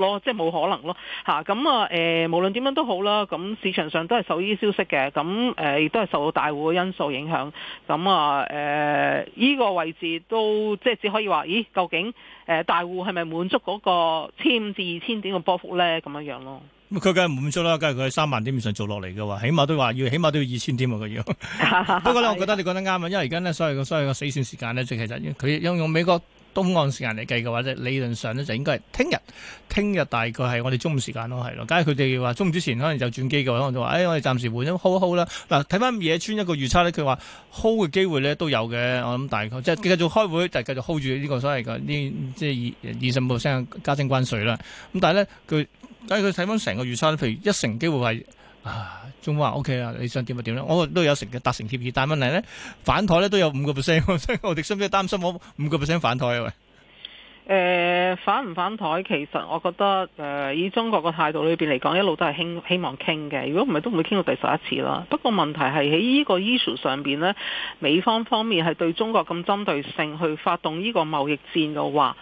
咯，即係冇可能咯，嚇咁啊誒、嗯，無論點樣都好啦，咁市場上都係受呢啲消息嘅，咁誒亦都係受到大戶嘅因素影響，咁啊誒依個位置都即係只可以話，咦究竟誒大戶係咪滿足嗰個千至二千點嘅波幅咧？咁樣樣咯。咁佢梗係唔滿足啦，梗係佢三萬點以上做落嚟嘅話，起碼都話要起碼都要二千點啊！佢要。 不過咧，我覺得你講得啱啊，因為而家咧，所謂嘅所謂個死線時間咧，即係其實佢因用美國。東岸時間嚟計嘅話，即理論上咧就應該係聽日，聽日大概係我哋中午時間咯，係咯。假如佢哋話中午之前可能就轉機嘅話，我就話誒、哎，我哋暫時換咁 hold hold 啦。嗱，睇翻野村一個預測咧，佢話 hold 嘅機會咧都有嘅。我諗大概即係、嗯就是、繼續開會，就是、繼續 hold 住呢個所謂嘅、就是、呢，即係二二十五 percent 加徵關稅啦。咁但係咧，佢假如佢睇翻成個預測譬如一成機會係。啊，中方 OK 啊，你想點咪點咯，我都有達成達成協議，但問題呢，反台呢都有五個 percent，所以我哋需唔需擔心我五個 percent 反台啊？誒、呃，反唔反台，其實我覺得誒、呃，以中國嘅態度裏邊嚟講，一路都係希希望傾嘅，如果唔係都唔會傾到第十一次啦。不過問題係喺呢個 issue 上邊呢，美方方面係對中國咁針對性去發動呢個貿易戰嘅話，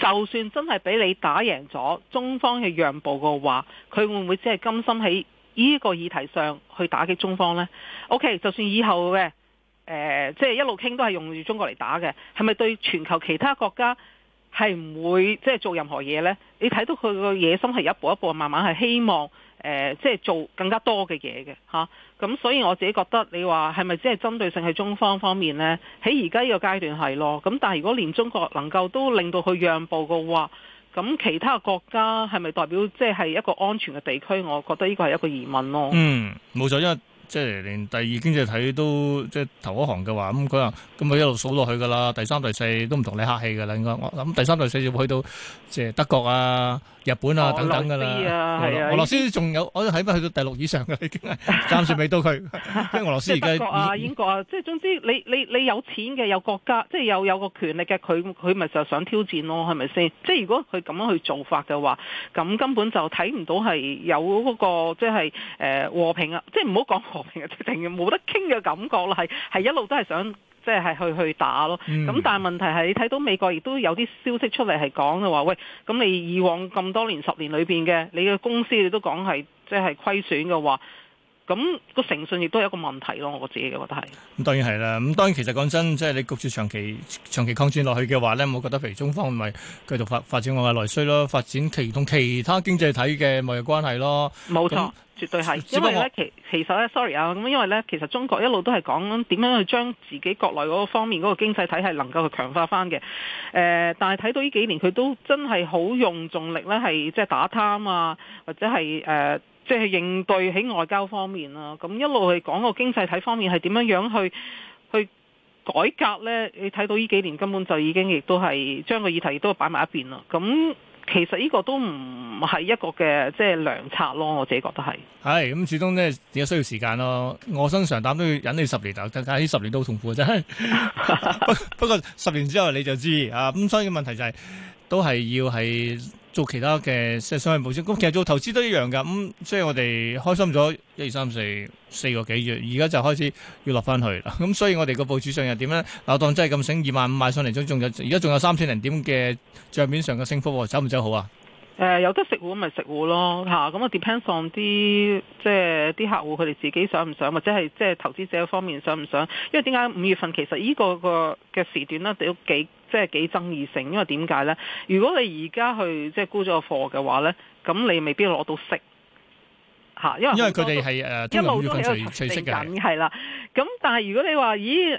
就算真係俾你打贏咗，中方嘅讓步嘅話，佢會唔會只係甘心喺呢個議題上去打擊中方呢？OK，就算以後嘅誒，即係一路傾都係用住中國嚟打嘅，係咪對全球其他國家係唔會即係、就是、做任何嘢呢？你睇到佢個野心係一步一步慢慢係希望即係、呃就是、做更加多嘅嘢嘅吓。咁所以我自己覺得你話係咪即係針對性喺中方方面呢？喺而家呢個階段係咯。咁但係如果連中國能夠都令到佢讓步嘅話，咁其他國家係咪代表即係一個安全嘅地區？我覺得呢個係一個疑問咯。嗯，冇錯，因為。即係連第二經濟體都即係頭一行嘅話，咁佢話，咁佢一路數落去㗎啦。第三、第四都唔同你客氣㗎啦。應該我諗第三、第四就會去到即係德國啊、日本啊，啊等等㗎啦。俄羅斯啊，俄羅，俄羅斯仲有，我睇乜去到第六以上嘅已經係暫時未到佢。即 係俄羅斯。而家德國啊、英國啊，即係總之你你你有錢嘅有國家，即係有有個權力嘅佢佢咪就想挑戰咯，係咪先？即係如果佢咁樣去做法嘅話，咁根本就睇唔到係有嗰、嗰個即係誒和平啊！即係唔好講。係冇得傾嘅感覺啦，係係一路都係想即係係去去打咯。咁但係問題係，你睇到美國亦都有啲消息出嚟係講嘅話，喂，咁你以往咁多年十年裏邊嘅你嘅公司，你都講係即係虧損嘅話。咁、那個誠信亦都係一個問題咯，我自己覺得係。咁當然係啦。咁當然其實講真，即係你焗住長期長期抗戰落去嘅話呢，我覺得譬如中方咪繼續發發展內需咯，發展其同其他經濟體嘅貿易關係咯。冇錯，絕對係。因為呢，其其實 sorry 啊，咁因為呢，其實中國一路都係講點樣去將自己國內嗰個方面嗰個經濟體係能夠去強化翻嘅、呃。但係睇到呢幾年佢都真係好用重力呢，係即係打貪啊，或者係誒。呃即係應對喺外交方面啦，咁一路去講個經濟體方面係點樣樣去去改革呢？你睇到呢幾年根本就已經亦都係將個議題亦都擺埋一邊啦。咁其實呢個都唔係一個嘅即係良策咯，我自己覺得係。係咁，始終呢亦需要時間咯。我身上膽都要忍你十年頭，但係呢十年都好痛苦真係。不 不過十年之後你就知道啊，咁所以問題就係都係要係。做其他嘅，商業部署咁其實做投資都一樣㗎。咁即係我哋開心咗一二三四四個幾月，而家就開始要落翻去啦。咁、嗯、所以我哋個部署上又點咧？鬧當真係咁醒，二萬五買上嚟，仲仲有而家仲有三千零點嘅帳面上嘅升幅，走唔走好啊？誒、呃、有得食糊咪食糊咯。咁我、啊、depends on 啲即係啲客戶佢哋自己想唔想，或者係即係投資者方面想唔想？因為點解五月份其實呢、呢個個嘅時段咧都幾即係幾爭議性，因為點解咧？如果你而家去即係沽咗個貨嘅話咧，咁你未必攞到食。嚇，因為佢哋係誒一路都係一個趨勢嚟嘅，係啦。咁但係如果你話，咦誒誒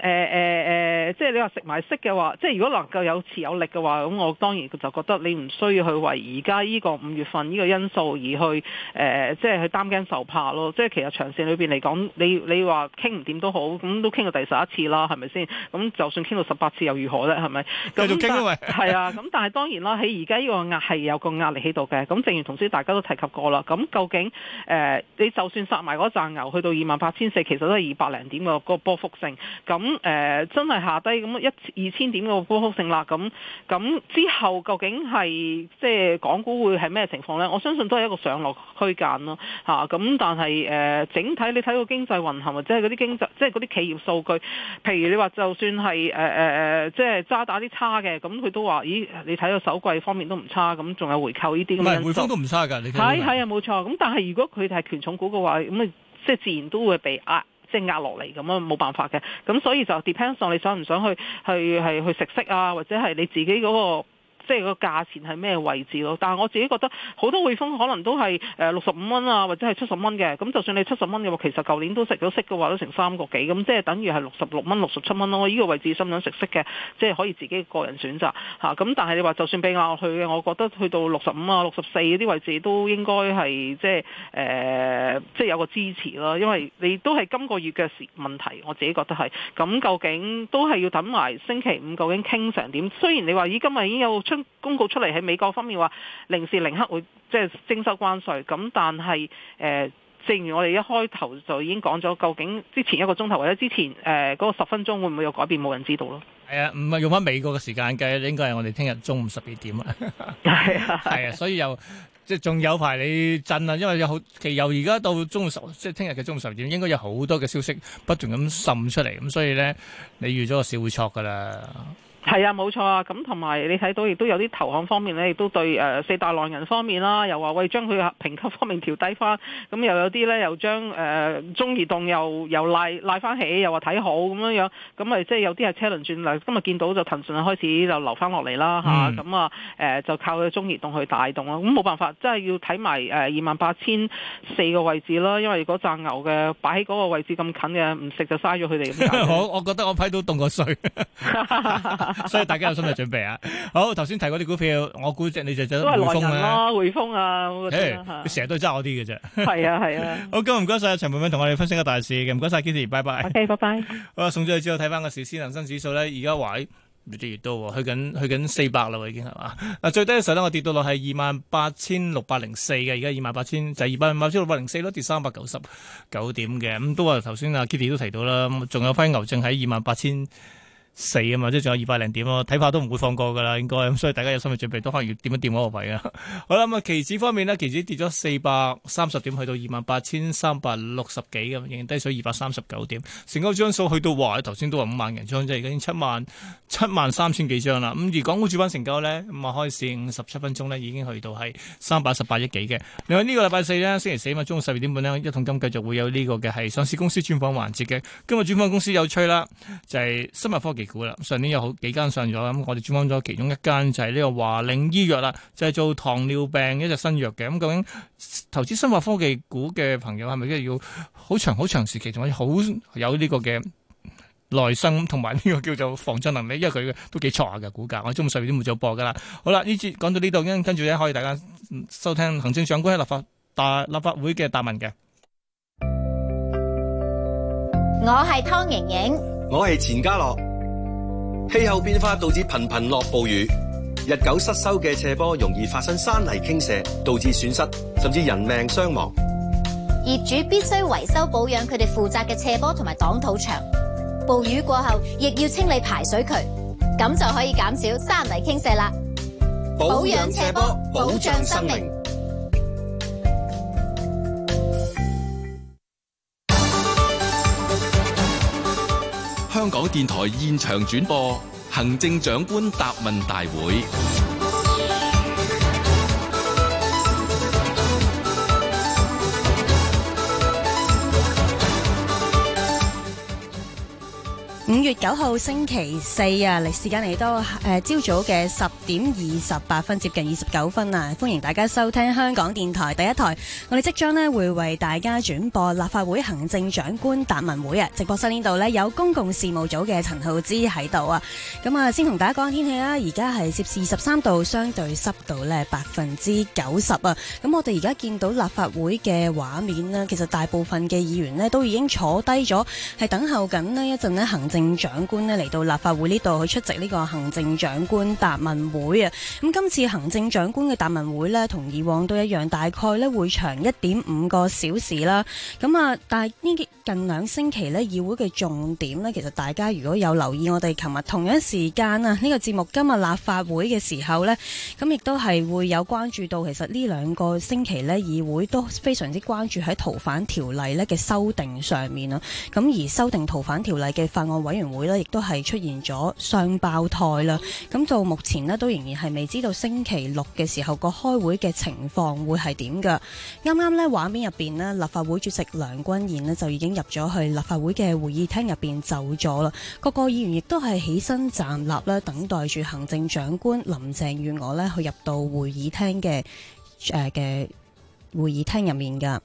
誒，即係你話食埋息嘅話，即係如果能夠有持有力嘅話，咁我當然就覺得你唔需要去為而家呢個五月份呢個因素而去誒、呃，即係去擔驚受怕咯。即係其實長線裏邊嚟講，你你話傾唔掂都好，咁都傾到第十一次啦，係咪先？咁就算傾到十八次又如何咧？係咪？繼續傾啊？喂，係 啊。咁但係當然啦，喺而家呢個壓係有個壓力喺度嘅。咁正如頭先大家都提及過啦，咁究竟誒？呃你就算殺埋嗰陣牛，去到二萬八千四，其實都係二百零點嘅個波幅性。咁誒、呃，真係下低咁一二千點嘅波幅性啦。咁咁之後究竟係即係港股會係咩情況呢？我相信都係一個上落區間咯。吓、啊，咁但係誒、呃，整體你睇個經濟運行或者係嗰啲經濟，即係嗰啲企業數據，譬如你話就算係誒誒誒，即係渣打啲差嘅，咁佢都話咦，你睇到首季方面都唔差，咁仲有回購呢啲咁。唔係匯都唔差噶，係係啊，冇錯。咁但係如果佢哋。權重股嘅話，咁啊，即係自然都會被壓，即係壓落嚟咁啊，冇辦法嘅。咁所以就 depends on 你想唔想去，去係去食息啊，或者係你自己嗰個。即係個價錢係咩位置咯？但係我自己覺得好多匯豐可能都係誒六十五蚊啊，或者係七十蚊嘅。咁就算你七十蚊嘅話，其實舊年都食咗息嘅話都成三個幾咁，即係等於係六十六蚊、六十七蚊咯。呢、呢個位置想唔想食息嘅，即係可以自己個人選擇吓咁、啊、但係你話就算比壓落去嘅，我覺得去到六十五啊、六十四嗰啲位置都應該係即係、呃、即係有個支持咯。因為你都係今個月嘅時問題，我自己覺得係。咁究竟都係要等埋星期五，究竟傾成點？雖然你話依今日已經有出。公告出嚟，喺美國方面話零時零刻會即係徵收關稅，咁但係誒，正如我哋一開頭就已經講咗，究竟之前一個鐘頭或者之前誒嗰個十分鐘會唔會有改變，冇人知道咯。係啊，唔係用翻美國嘅時間計，應該係我哋聽日中午十二點 啊。係啊，係啊，所以又即係仲有排你震啊，因為有好其實由而家到中午十，即係聽日嘅中午十二點，應該有好多嘅消息不斷咁滲出嚟，咁所以咧你預咗個市會錯噶啦。係啊，冇錯啊。咁同埋你睇到亦都有啲投行方面咧，亦都對誒、呃、四大浪人方面啦，又話為將佢評級方面調低翻。咁又有啲咧，又將誒、呃、中移動又又賴賴翻起，又話睇好咁樣樣。咁咪即係有啲係車輪轉嚟。今日見到就騰訊開始就留翻落嚟啦。咁啊誒、呃、就靠佢中移動去帶動。咁冇辦法，即係要睇埋誒二萬八千四個位置咯。因為嗰扎牛嘅擺喺嗰個位置咁近嘅，唔食就嘥咗佢哋。好， 我覺得我批到凍過水。 所以大家有心理準備啊！好，頭先提嗰啲股票，我估只你就走匯豐啦，匯、啊、豐啊！誒，成、hey, 日都揸我啲嘅啫。係 啊，係啊。好，今日唔該曬陳妹妹同我哋分析嘅大市嘅，唔該晒 Kitty，拜拜。OK，拜拜。好啊，送咗姐，之後睇翻個市，事先恒生指數咧，而家位越跌越多喎，去緊去緊四百啦喎，已經係嘛？嗱，最低嘅時候咧，我跌到落係二萬八千六百零四嘅，而家二萬八千就係二萬八千六百零四咯，跌三百九十九點嘅。咁都話頭先啊 Kitty 都提到啦，咁仲有翻牛證喺二萬八千。四啊嘛，即係仲有二百零點咯，睇怕都唔會放過噶啦，應該咁，所以大家有心理準備，都可能要點一點嗰個位啊。 好啦，咁啊期指方面呢，期指跌咗四百三十點，去到二萬八千三百六十幾咁，仍然低水二百三十九點，成交張數去到哇，頭先都話五萬人張，即係已經七萬七萬三千幾張啦。咁而港股主板成交呢，咁啊開市五十七分鐘呢已經去到係三百十八億幾嘅。另外呢、這個禮拜四呢，星期四啊，中午十二點半呢，一桶金繼續會有呢、這個嘅係上市公司專訪環節嘅。今日專訪公司有趣啦，就係、是、生物科技。股啦，上年有好幾間上咗，咁、嗯、我哋專翻咗其中一間就係呢個華寧醫藥啦，就係、是、做糖尿病一隻新藥嘅。咁、嗯、究竟投資生物科技股嘅朋友係咪都要好長好長時期，同埋好有呢個嘅耐心，同埋呢個叫做防震能力？因為佢都幾錯下嘅股價。我中午上邊都冇做播噶啦。好啦，呢節講到呢度，跟住咧可以大家收聽行政長官喺立法大立法會嘅答問嘅。我係湯瑩瑩，我係錢家樂。氣候變化導致頻頻落暴雨，日久失修嘅斜坡容易發生山泥傾瀉，導致損失，甚至人命傷亡。業主必須維修保養佢哋負責嘅斜坡同埋擋土牆，暴雨過後亦要清理排水渠，咁就可以減少山泥傾瀉啦。保養斜坡，保障生命。香港電台現場轉播行政長官答問大會。五月九號星期四啊，嚟時間嚟到誒，朝早嘅十點二十八分，接近二十九分啊！歡迎大家收聽香港電台第一台。我哋即將咧會為大家轉播立法會行政長官答問會啊！直播室呢度咧有公共事務組嘅陳浩之喺度啊！咁啊，先同大家講下天氣啦，而家係攝氏二十三度，相對濕度咧百分之九十啊！咁我哋而家見到立法會嘅畫面啦，其實大部分嘅議員咧都已經坐低咗，係等候緊呢一陣咧行政。行政長官咧嚟到立法會呢度去出席呢個行政長官答問會啊！咁今次行政長官嘅答問會咧，同以往都一樣，大概咧會長一點五個小時啦。咁啊，但係呢近兩星期咧，議會嘅重點咧，其實大家如果有留意我們，我哋琴日同樣時間啊，呢、這個節目今日立法會嘅時候咧，咁亦都係會有關注到，其實呢兩個星期咧，議會都非常之關注喺逃犯條例咧嘅修訂上面啊。咁而修訂逃犯條例嘅法案。委員會咧，亦都係出現咗雙胞胎啦。咁到目前呢，都仍然係未知道星期六嘅時候個開會嘅情況會係點噶啱啱呢，畫面入邊呢，立法會主席梁君彥呢，就已經入咗去立法會嘅會議廳入邊走咗啦。各個議員亦都係起身站立咧，等待住行政長官林鄭月娥呢，去入到會議廳嘅誒嘅會議廳入面噶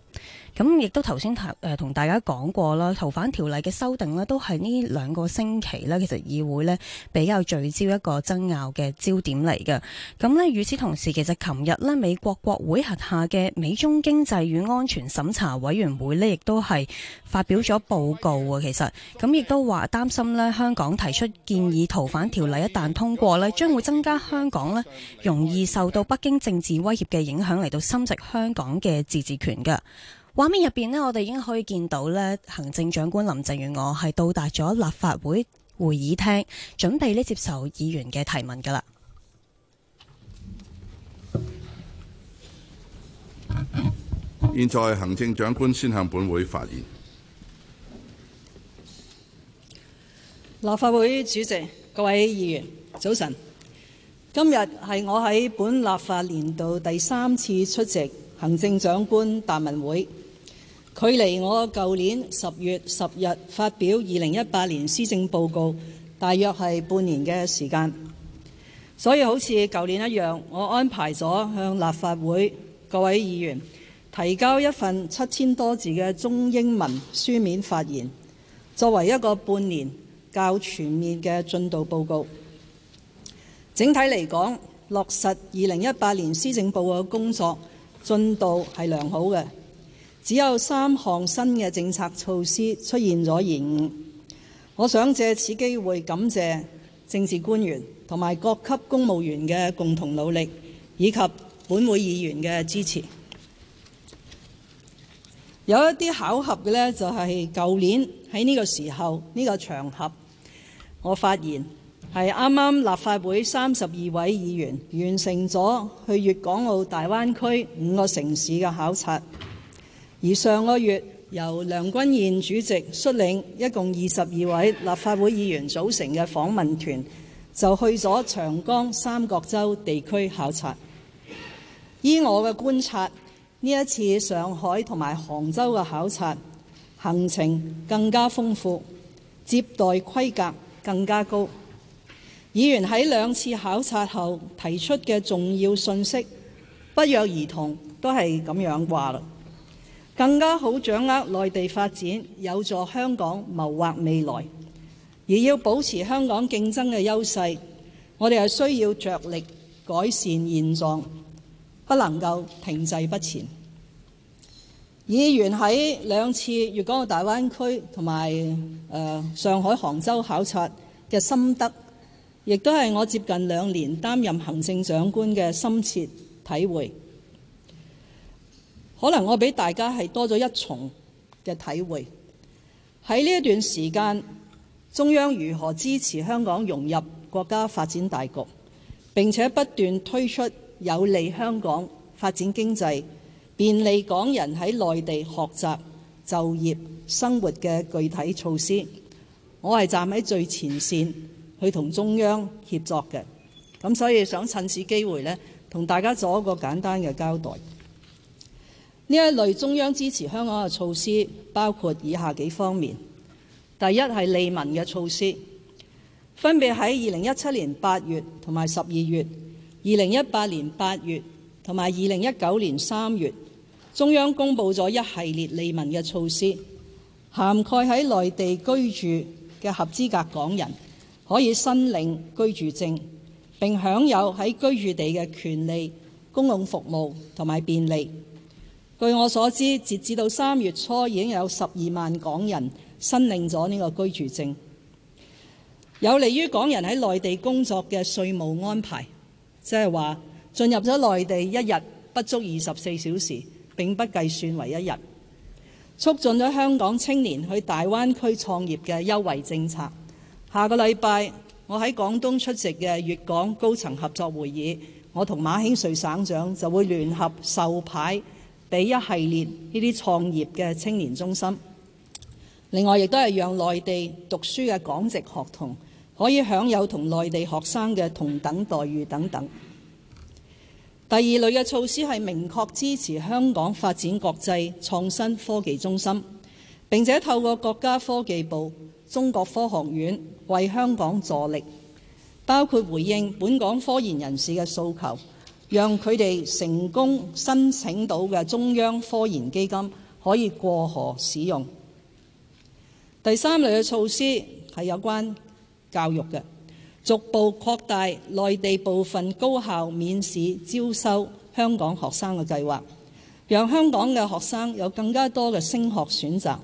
咁亦都頭先同大家講過啦，逃犯條例嘅修訂呢，都係呢兩個星期呢，其實議會呢，比較聚焦一個爭拗嘅焦點嚟嘅。咁呢，與此同時，其實琴日呢美國國會轄下嘅美中經濟與安全審查委員會呢，亦都係發表咗報告喎。其實咁亦都話擔心呢香港提出建議逃犯條例一旦通過呢，將會增加香港呢容易受到北京政治威脅嘅影響嚟到侵蝕香港嘅自治權㗎。畫面入邊呢，我哋已經可以見到呢，行政長官林鄭月娥係到達咗立法會會議廳，準備咧接受議員嘅提問噶啦。現在行政長官先向本會發言。立法會主席、各位議員，早晨。今日係我喺本立法年度第三次出席行政長官答問會。距離我舊年十月十日發表二零一八年施政報告，大約係半年嘅時間，所以好似舊年一樣，我安排咗向立法會各位議員提交一份七千多字嘅中英文書面發言，作為一個半年較全面嘅進度報告。整體嚟講，落實二零一八年施政報告工作進度係良好嘅。只有三項新嘅政策措施出現咗延誤。我想借此機會感謝政治官員同埋各級公務員嘅共同努力，以及本會議員嘅支持。有一啲巧合嘅呢，就係舊年喺呢個時候呢個場合，我發現係啱啱立法會三十二位議員完成咗去粵港澳大灣區五個城市嘅考察。而上個月，由梁君彥主席率領，一共二十二位立法會議員組成嘅訪問團，就去咗長江三角洲地區考察。依我嘅觀察，呢一次上海同埋杭州嘅考察行程更加豐富，接待規格更加高。議員喺兩次考察後提出嘅重要信息，不約而同都係咁樣話啦。更加好掌握內地發展，有助香港謀劃未來；而要保持香港競爭嘅優勢，我哋係需要着力改善現狀，不能夠停滯不前。議員喺兩次粵港澳大灣區同埋誒上海杭州考察嘅心得，亦都係我接近兩年擔任行政長官嘅深切體會。可能我俾大家係多咗一重嘅體會，喺呢一段時間，中央如何支持香港融入國家發展大局，並且不斷推出有利香港發展經濟、便利港人喺內地學習、就業、生活嘅具體措施，我係站喺最前線去同中央協作嘅，咁所以想趁此機會呢，同大家做一個簡單嘅交代。呢一類中央支持香港嘅措施包括以下幾方面。第一係利民嘅措施，分別喺二零一七年八月同埋十二月、二零一八年八月同埋二零一九年三月，中央公布咗一系列利民嘅措施，涵蓋喺內地居住嘅合資格港人可以申領居住證，並享有喺居住地嘅權利、公共服務同埋便利。據我所知，截至到三月初已經有十二萬港人申領咗呢個居住證，有利於港人喺內地工作嘅稅務安排，即係話進入咗內地一日不足二十四小時，並不計算為一日，促進咗香港青年去大灣區創業嘅優惠政策。下個禮拜我喺廣東出席嘅粵港高層合作會議，我同馬興瑞省長就會聯合授牌。俾一系列呢啲創業嘅青年中心，另外亦都係讓內地讀書嘅港籍學童可以享有同內地學生嘅同等待遇等等。第二類嘅措施係明確支持香港發展國際創新科技中心，並且透過國家科技部、中國科學院為香港助力，包括回應本港科研人士嘅訴求。讓佢哋成功申請到嘅中央科研基金可以過河使用。第三類嘅措施係有關教育嘅，逐步擴大內地部分高校免試招收香港學生嘅計劃，讓香港嘅學生有更加多嘅升學選擇。二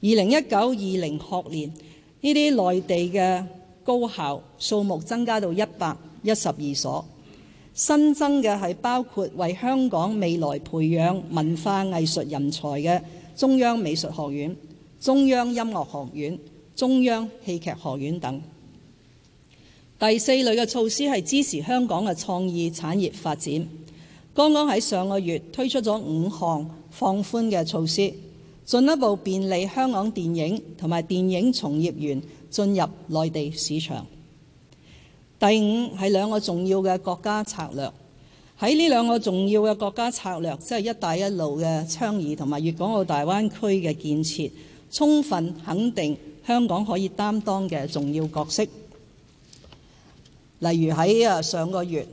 零一九、二零學年，呢啲內地嘅高校數目增加到一百一十二所。新增嘅係包括為香港未來培養文化藝術人才嘅中央美術學院、中央音樂學院、中央戲劇學院等。第四類嘅措施係支持香港嘅創意產業發展。剛剛喺上個月推出咗五項放寬嘅措施，進一步便利香港電影同埋電影從業員進入內地市場。第五係兩個重要嘅國家策略，喺呢兩個重要嘅國家策略，即係、就是、一帶一路嘅倡議同埋粵港澳大灣區嘅建設，充分肯定香港可以擔當嘅重要角色。例如喺啊上個月，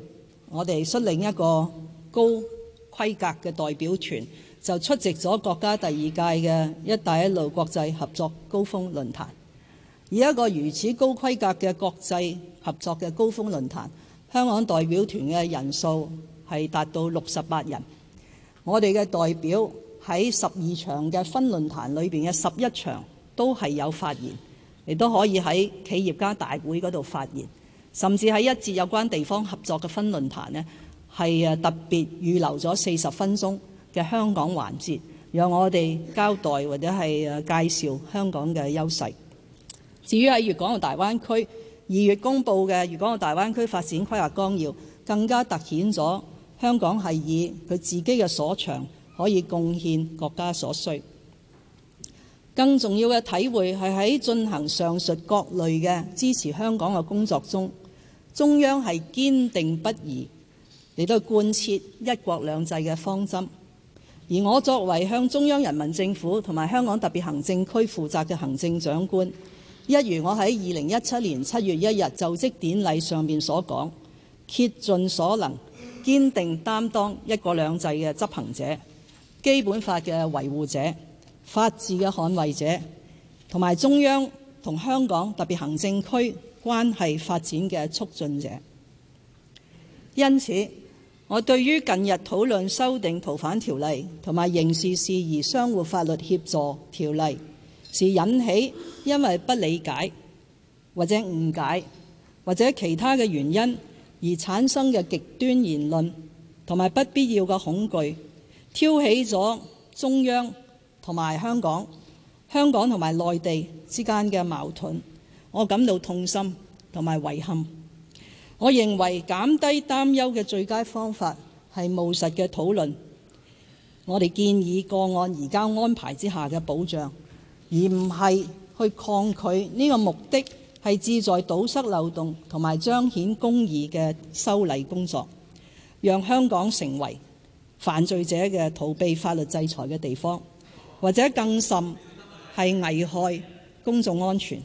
我哋率領一個高規格嘅代表團，就出席咗國家第二屆嘅一帶一路國際合作高峰論壇。以一個如此高規格嘅國際合作嘅高峰論壇，香港代表團嘅人數係達到六十八人。我哋嘅代表喺十二場嘅分論壇裏邊嘅十一場都係有發言，亦都可以喺企業家大會嗰度發言，甚至喺一節有關地方合作嘅分論壇咧，係誒特別預留咗四十分鐘嘅香港環節，讓我哋交代或者係誒介紹香港嘅優勢，至於喺粵港澳大灣區。二月公布嘅《粵港澳大灣區發展規劃綱要》更加凸顯咗香港係以佢自己嘅所長可以貢獻國家所需。更重要嘅體會係喺進行上述各類嘅支持香港嘅工作中，中央係堅定不移嚟到貫徹一國兩制嘅方針。而我作為向中央人民政府同埋香港特別行政區負責嘅行政長官。一如我喺二零一七年七月一日就職典禮上面所講，竭盡所能，堅定擔當一國兩制嘅執行者、基本法嘅維護者、法治嘅捍衞者，同埋中央同香港特別行政區關係發展嘅促進者。因此，我對於近日討論修訂逃犯條例同埋刑事事宜相互法律協助條例，是引起因為不理解或者誤解或者其他嘅原因而產生嘅極端言論同埋不必要嘅恐懼，挑起咗中央同埋香港、香港同埋內地之間嘅矛盾。我感到痛心同埋遺憾。我認為減低擔憂嘅最佳方法係務實嘅討論，我哋建議個案移交安排之下嘅保障。而唔係去抗拒呢個目的，係旨在堵塞漏洞同埋彰顯公義嘅修例工作，讓香港成為犯罪者嘅逃避法律制裁嘅地方，或者更甚係危害公眾安全。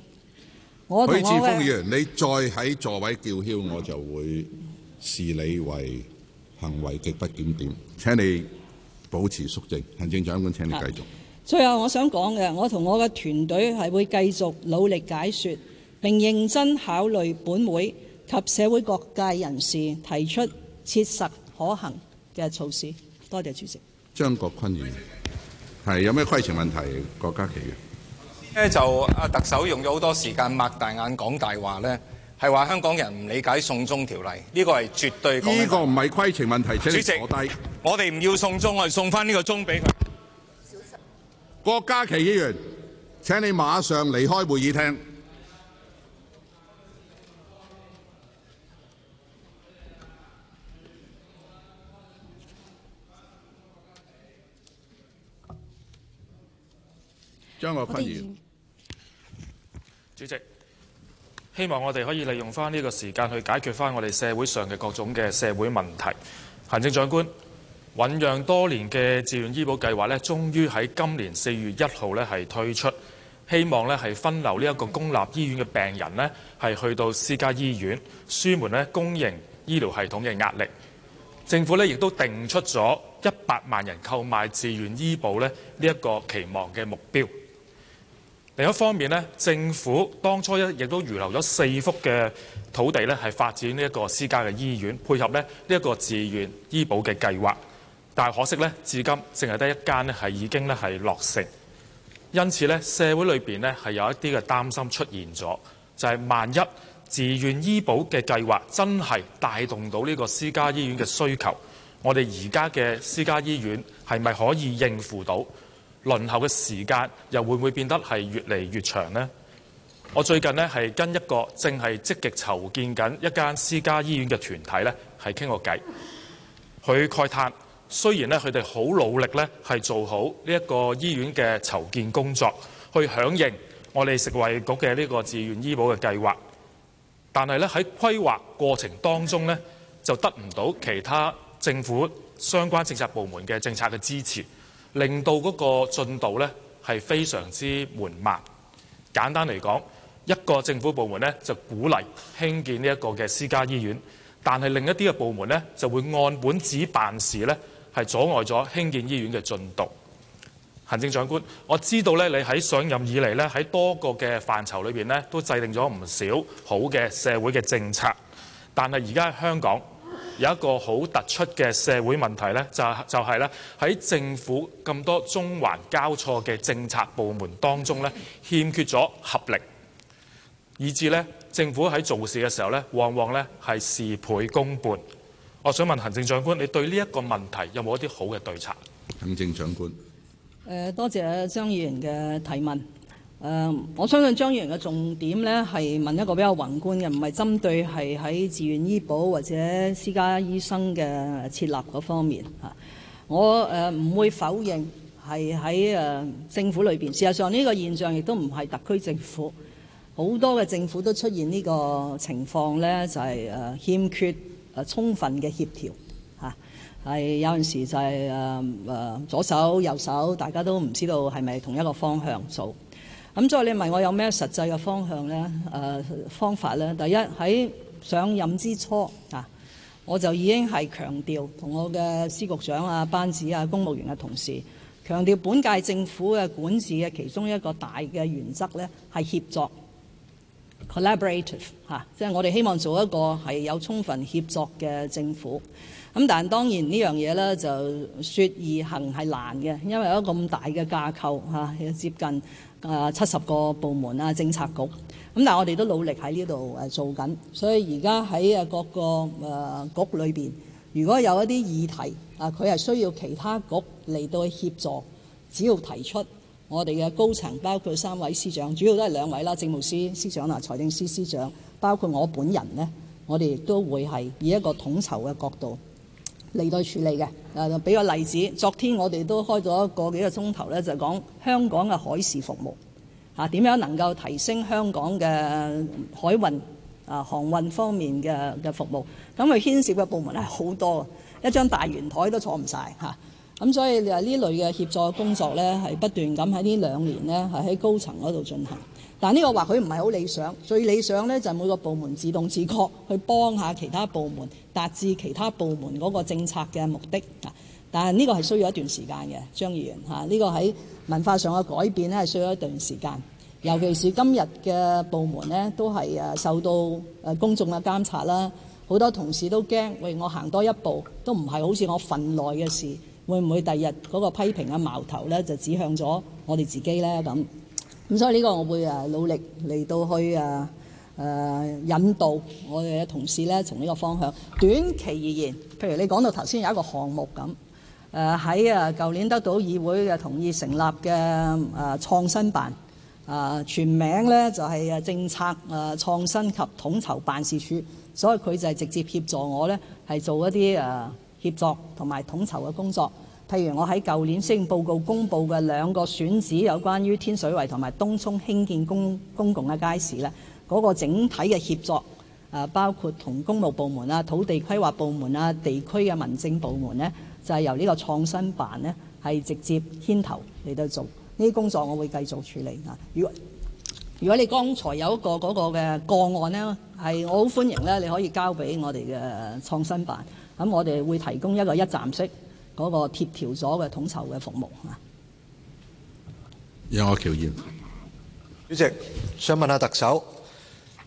我，許智峯議員，你再喺座位叫囂，我就會視你為行為極不檢點。請你保持肅靜。行政長官，請你繼續。最後我想講嘅，我同我嘅團隊係會繼續努力解説，並認真考慮本會及社會各界人士提出切實可行嘅措施。多謝主席。張國坤議員，係有咩規程問題？郭家麒嘅呢就阿特首用咗好多時間擘大眼講大話呢，係話香港人唔理解送中條例，呢個係絕對講的。呢個唔係規程問題。主席，我哋唔要送中，我哋送翻呢個鐘俾佢。郭家麒議員，請你馬上離開會議廳。張國坤議員，主席，希望我哋可以利用翻呢個時間去解決翻我哋社會上嘅各種嘅社會問題。行政長官。醖釀多年嘅自願醫保計劃咧，終於喺今年四月一號咧係推出，希望咧係分流呢一個公立醫院嘅病人咧，係去到私家醫院，舒緩咧公營醫療系統嘅壓力。政府咧亦都定出咗一百萬人購買自願醫保咧呢一個期望嘅目標。另一方面咧，政府當初一亦都預留咗四幅嘅土地咧，係發展呢一個私家嘅醫院，配合咧呢一個自願醫保嘅計劃。但係可惜呢，至今淨係得一間呢係已經呢係落成，因此呢，社會裏邊呢係有一啲嘅擔心出現咗，就係、是、萬一自願醫保嘅計劃真係帶動到呢個私家醫院嘅需求，我哋而家嘅私家醫院係咪可以應付到，輪候嘅時間又會唔會變得係越嚟越長呢？我最近呢係跟一個正係積極籌建緊一間私家醫院嘅團體呢，係傾個偈，佢慨嘆。雖然咧，佢哋好努力咧，係做好呢一個醫院嘅籌建工作，去響應我哋食衞局嘅呢個自願醫保嘅計劃，但係咧，喺規劃過程當中呢，就得唔到其他政府相關政策部門嘅政策嘅支持，令到嗰個進度呢係非常之緩慢。簡單嚟講，一個政府部門呢就鼓勵興建呢一個嘅私家醫院，但係另一啲嘅部門呢就會按本子辦事呢。係阻礙咗興建醫院嘅進度。行政長官，我知道咧，你喺上任以嚟咧，喺多個嘅範疇裏邊咧，都制定咗唔少好嘅社會嘅政策。但係而家香港有一個好突出嘅社會問題咧，就係就係咧喺政府咁多縱橫交錯嘅政策部門當中咧，欠缺咗合力，以至咧政府喺做事嘅時候咧，往往咧係事倍功半。我想問行政長官，你對呢一個問題有冇一啲好嘅對策？行政長官，誒多謝張議員嘅提問。誒，我相信張議員嘅重點呢，係問一個比較宏觀嘅，唔係針對係喺自願醫保或者私家醫生嘅設立嗰方面嚇。我誒唔會否認係喺誒政府裏邊，事實上呢個現象亦都唔係特區政府，好多嘅政府都出現呢個情況呢，就係誒欠缺。充分嘅協調嚇，係有陣時就係誒誒左手右手大家都唔知道係咪同一個方向做，咁所以你問我有咩實際嘅方向呢？誒方法呢，第一，喺上任之初啊，我就已經係強調同我嘅司局長啊、班子啊、公務員嘅同事，強調本屆政府嘅管治嘅其中一個大嘅原則呢，係協作。Collaborative 嚇，即係我哋希望做一個係有充分協作嘅政府。咁但係當然呢樣嘢咧就説易行係難嘅，因為有咁大嘅架構嚇，接近誒七十個部門啊、政策局。咁但係我哋都努力喺呢度誒做緊，所以而家喺誒各個誒局裏邊，如果有一啲議題啊，佢係需要其他局嚟到協助，只要提出。我哋嘅高層包括三位司長，主要都係兩位啦，政務司司長啦、財政司司長，包括我本人呢，我哋都會係以一個統籌嘅角度嚟到處理嘅。誒，俾個例子，昨天我哋都開咗個幾個鐘頭呢，就講香港嘅海事服務啊，點樣能夠提升香港嘅海運啊、航運方面嘅嘅服務，咁佢牽涉嘅部門係好多，一張大圓台都坐唔晒嚇。咁所以呢類嘅協助工作呢，係不斷咁喺呢兩年呢，係喺高層嗰度進行。但呢個或許唔係好理想。最理想呢，就每個部門自動自覺去幫下其他部門達至其他部門嗰個政策嘅目的啊。但係呢個係需要一段時間嘅，張議員呢，呢個喺文化上嘅改變呢係需要一段時間，尤其是今日嘅部門呢，都係誒受到誒公眾嘅監察啦。好多同事都驚，喂，我行多一步都唔係好似我份內嘅事。會唔會第日嗰個批評嘅矛頭咧就指向咗我哋自己咧咁？咁所以呢個我會誒努力嚟到去誒誒引導我哋嘅同事咧從呢個方向。短期而言，譬如你講到頭先有一個項目咁誒，喺誒舊年得到議會嘅同意成立嘅誒創新辦，誒全名咧就係誒政策誒創新及統籌辦事處，所以佢就係直接協助我咧係做一啲誒。協作同埋統籌嘅工作，譬如我喺舊年施政報告公布嘅兩個選址，有關於天水圍同埋東涌興建公公共嘅街市呢嗰、嗰個整體嘅協作，誒包括同公務部門啊、土地規劃部門啊、地區嘅民政部門呢就係、係、由呢個創新辦呢係直接牽頭嚟到做呢啲工作，我會繼續處理嗱。如果如果你剛才有一個嗰、嗰個嘅個案呢，係我好歡迎呢你可以交俾我哋嘅創新辦。咁我哋會提供一個一站式嗰個貼條咗嘅統籌嘅服務。楊岳橋議員，主席，想問下特首，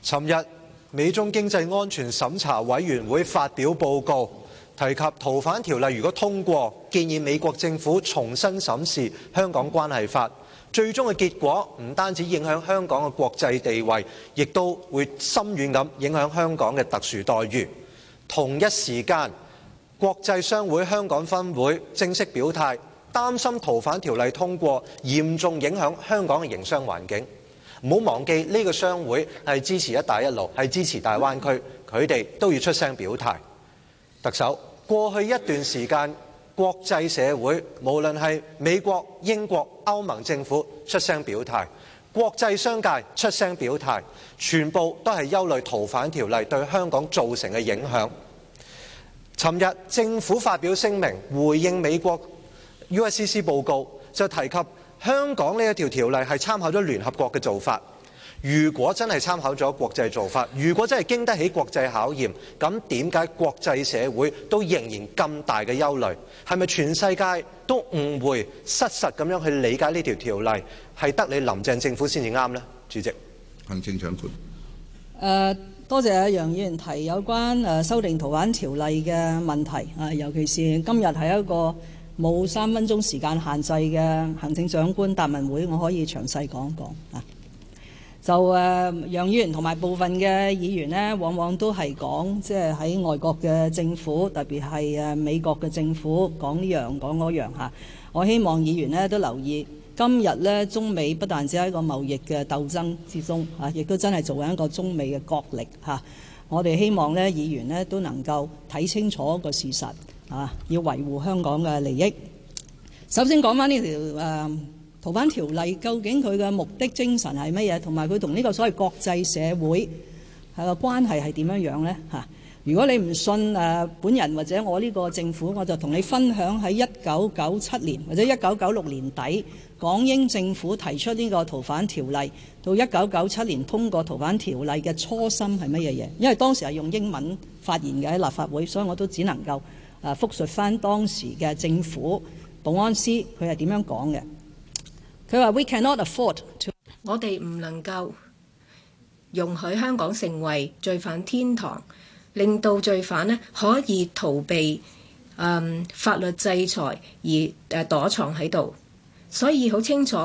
尋日美中經濟安全審查委員會發表報告，提及逃犯條例如果通過，建議美國政府重新審視香港關係法。最終嘅結果唔單止影響香港嘅國際地位，亦都會深遠咁影響香港嘅特殊待遇。同一時間。國際商會香港分會正式表態，擔心逃犯條例通過嚴重影響香港嘅營商環境。唔好忘記呢個商會係支持一帶一路，係支持大灣區，佢哋都要出聲表態。特首過去一段時間，國際社會無論係美國、英國、歐盟政府出聲表態，國際商界出聲表態，全部都係憂慮逃犯條例對香港造成嘅影響。昨日政府發表聲明回應美國 USCC 報告，就提及香港呢一條條例係參考咗聯合國嘅做法。如果真係參考咗國際做法，如果真係經得起國際考驗，咁點解國際社會都仍然咁大嘅憂慮？係咪全世界都誤會失實咁樣去理解呢條條例係得你林鄭政府先至啱呢？主席，行政長官。誒、uh。多謝啊，楊議員提有關誒修訂圖版條例嘅問題啊，尤其是今日係一個冇三分鐘時間限制嘅行政長官答問會，我可以詳細講一講啊。就誒，楊議員同埋部分嘅議員呢，往往都係講即係喺外國嘅政府，特別係誒美國嘅政府講呢樣講嗰樣吓，我希望議員呢都留意。今日呢，中美不單止喺一個貿易嘅鬥爭之中嚇，亦、啊、都真係做緊一個中美嘅角力嚇、啊。我哋希望呢議員呢，都能夠睇清楚個事實嚇、啊，要維護香港嘅利益。首先講返呢條誒逃犯條例，究竟佢嘅目的精神係乜嘢？同埋佢同呢個所謂國際社會係個、啊、關係係點樣樣呢？嚇、啊？如果你唔信誒、啊、本人或者我呢個政府，我就同你分享喺一九九七年或者一九九六年底。港英政府提出呢個逃犯條例，到一九九七年通過逃犯條例嘅初心係乜嘢嘢？因為當時係用英文發言嘅喺立法會，所以我都只能夠誒復述翻當時嘅政府保安司佢係點樣講嘅。佢話：「We cannot afford to」我哋唔能夠容許香港成為罪犯天堂，令到罪犯呢可以逃避誒、嗯、法律制裁而誒躲藏喺度。所以好清楚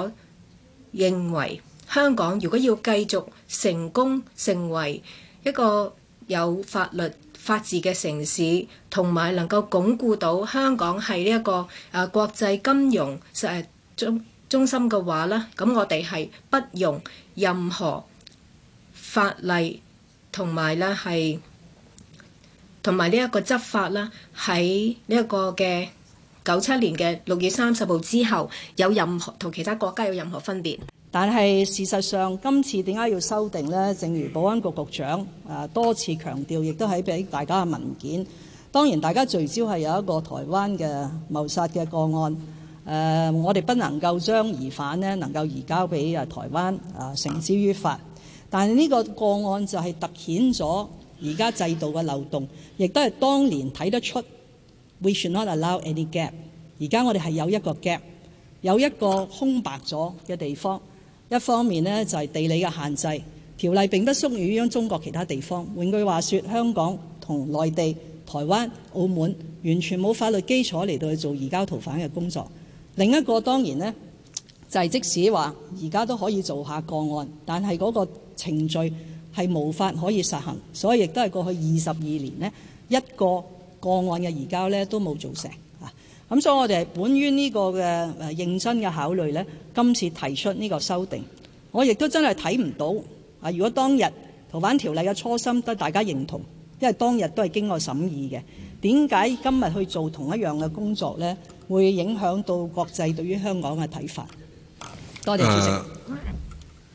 認為香港如果要繼續成功成為一個有法律法治嘅城市，同埋能夠鞏固到香港係呢一個啊國際金融誒中中心嘅話咧，咁我哋係不容任何法例同埋咧係同埋呢一個執法啦喺呢一個嘅。九七年嘅六月三十號之後，有任何同其他國家有任何分別。但係事實上，今次點解要修訂呢？正如保安局局長啊多次強調，亦都係俾大家嘅文件。當然，大家聚焦係有一個台灣嘅謀殺嘅個案。誒、啊，我哋不能夠將疑犯呢能夠移交俾啊台灣啊，繩之於法。但係呢個個案就係突顯咗而家制度嘅漏洞，亦都係當年睇得出。We should not allow any gap，而家我哋係有一個 gap，有一個空白咗嘅地方。一方面呢，就係、是、地理嘅限制，條例並不屬於中國其他地方。換句話說，香港同內地、台灣、澳門完全冇法律基礎嚟到去做移交逃犯嘅工作。另一個當然呢，就係、是、即使話而家都可以做下個案，但係嗰個程序係無法可以實行，所以亦都係過去二十二年呢一個，個案嘅移交呢都冇做成嚇，咁所以我哋本於呢個嘅誒認真嘅考慮呢，今次提出呢個修訂，我亦都真係睇唔到啊！如果當日逃犯條例嘅初心得大家認同，因為當日都係經過審議嘅，點解今日去做同一樣嘅工作呢？會影響到國際對於香港嘅睇法？多謝主席。啊、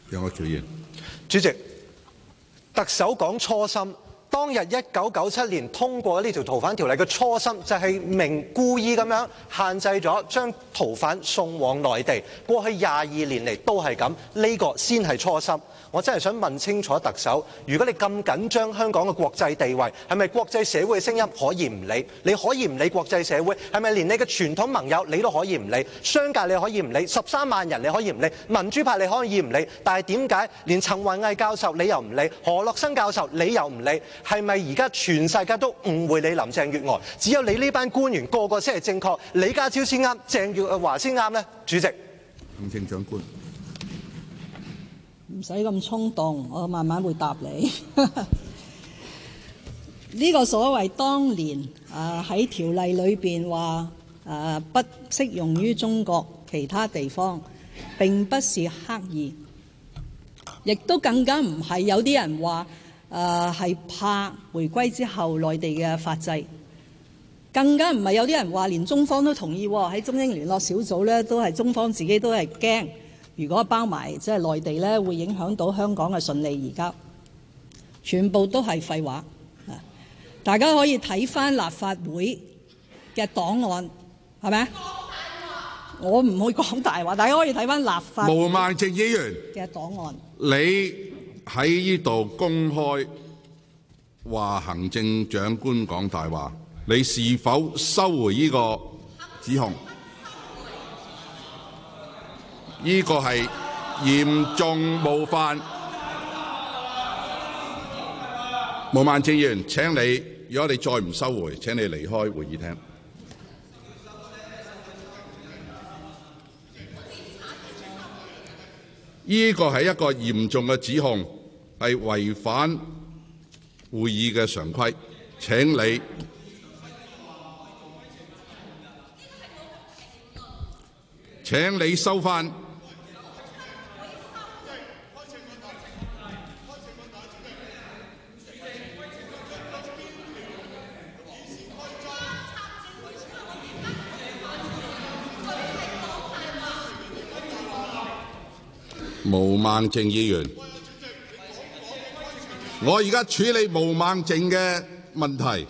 有個主主席，特首講初心。當日一九九七年通過呢條逃犯條例嘅初心就係明故意咁樣限制咗將逃犯送往內地。過去廿二年嚟都係咁，呢、呢個先係初心。我真係想問清楚特首，如果你咁緊張香港嘅國際地位，係咪國際社會嘅聲音可以唔理？你可以唔理國際社會，係咪連你嘅傳統盟友你都可以唔理？商界你可以唔理，十三萬人你可以唔理，民主派你可以唔理，但係點解連陳弘毅教授你又唔理，何樂生教授你又唔理？係咪而家全世界都誤會你林鄭月娥，只有你呢班官員個個先係正確，李家超先啱，鄭月華先啱呢？主席，林鄭長官，唔使咁衝動，我慢慢會答你。呢 個所謂當年啊喺條例裏邊話啊不適用於中國其他地方，並不是刻意，亦都更加唔係有啲人話。誒係怕回歸之後內地嘅法制，更加唔係有啲人話，連中方都同意喺中英聯絡小組呢，都係中方自己都係驚，如果包埋即係內地呢，會影響到香港嘅順利。而家全部都係廢話，啊！大家可以睇翻立法會嘅檔案，係咪？我唔會講大話，大家可以睇翻立法會。毛孟靜議員嘅檔案，你。喺呢度公開話行政長官講大話，你是否收回呢個指控？呢個係嚴重冒犯，毛孟靜議員，請你，如果你再唔收回，請你離開會議廳。呢 個係一個嚴重嘅指控。係違反會議嘅常規，請你請你收返，毛孟靜議員。我而家處理毛孟靜嘅問題，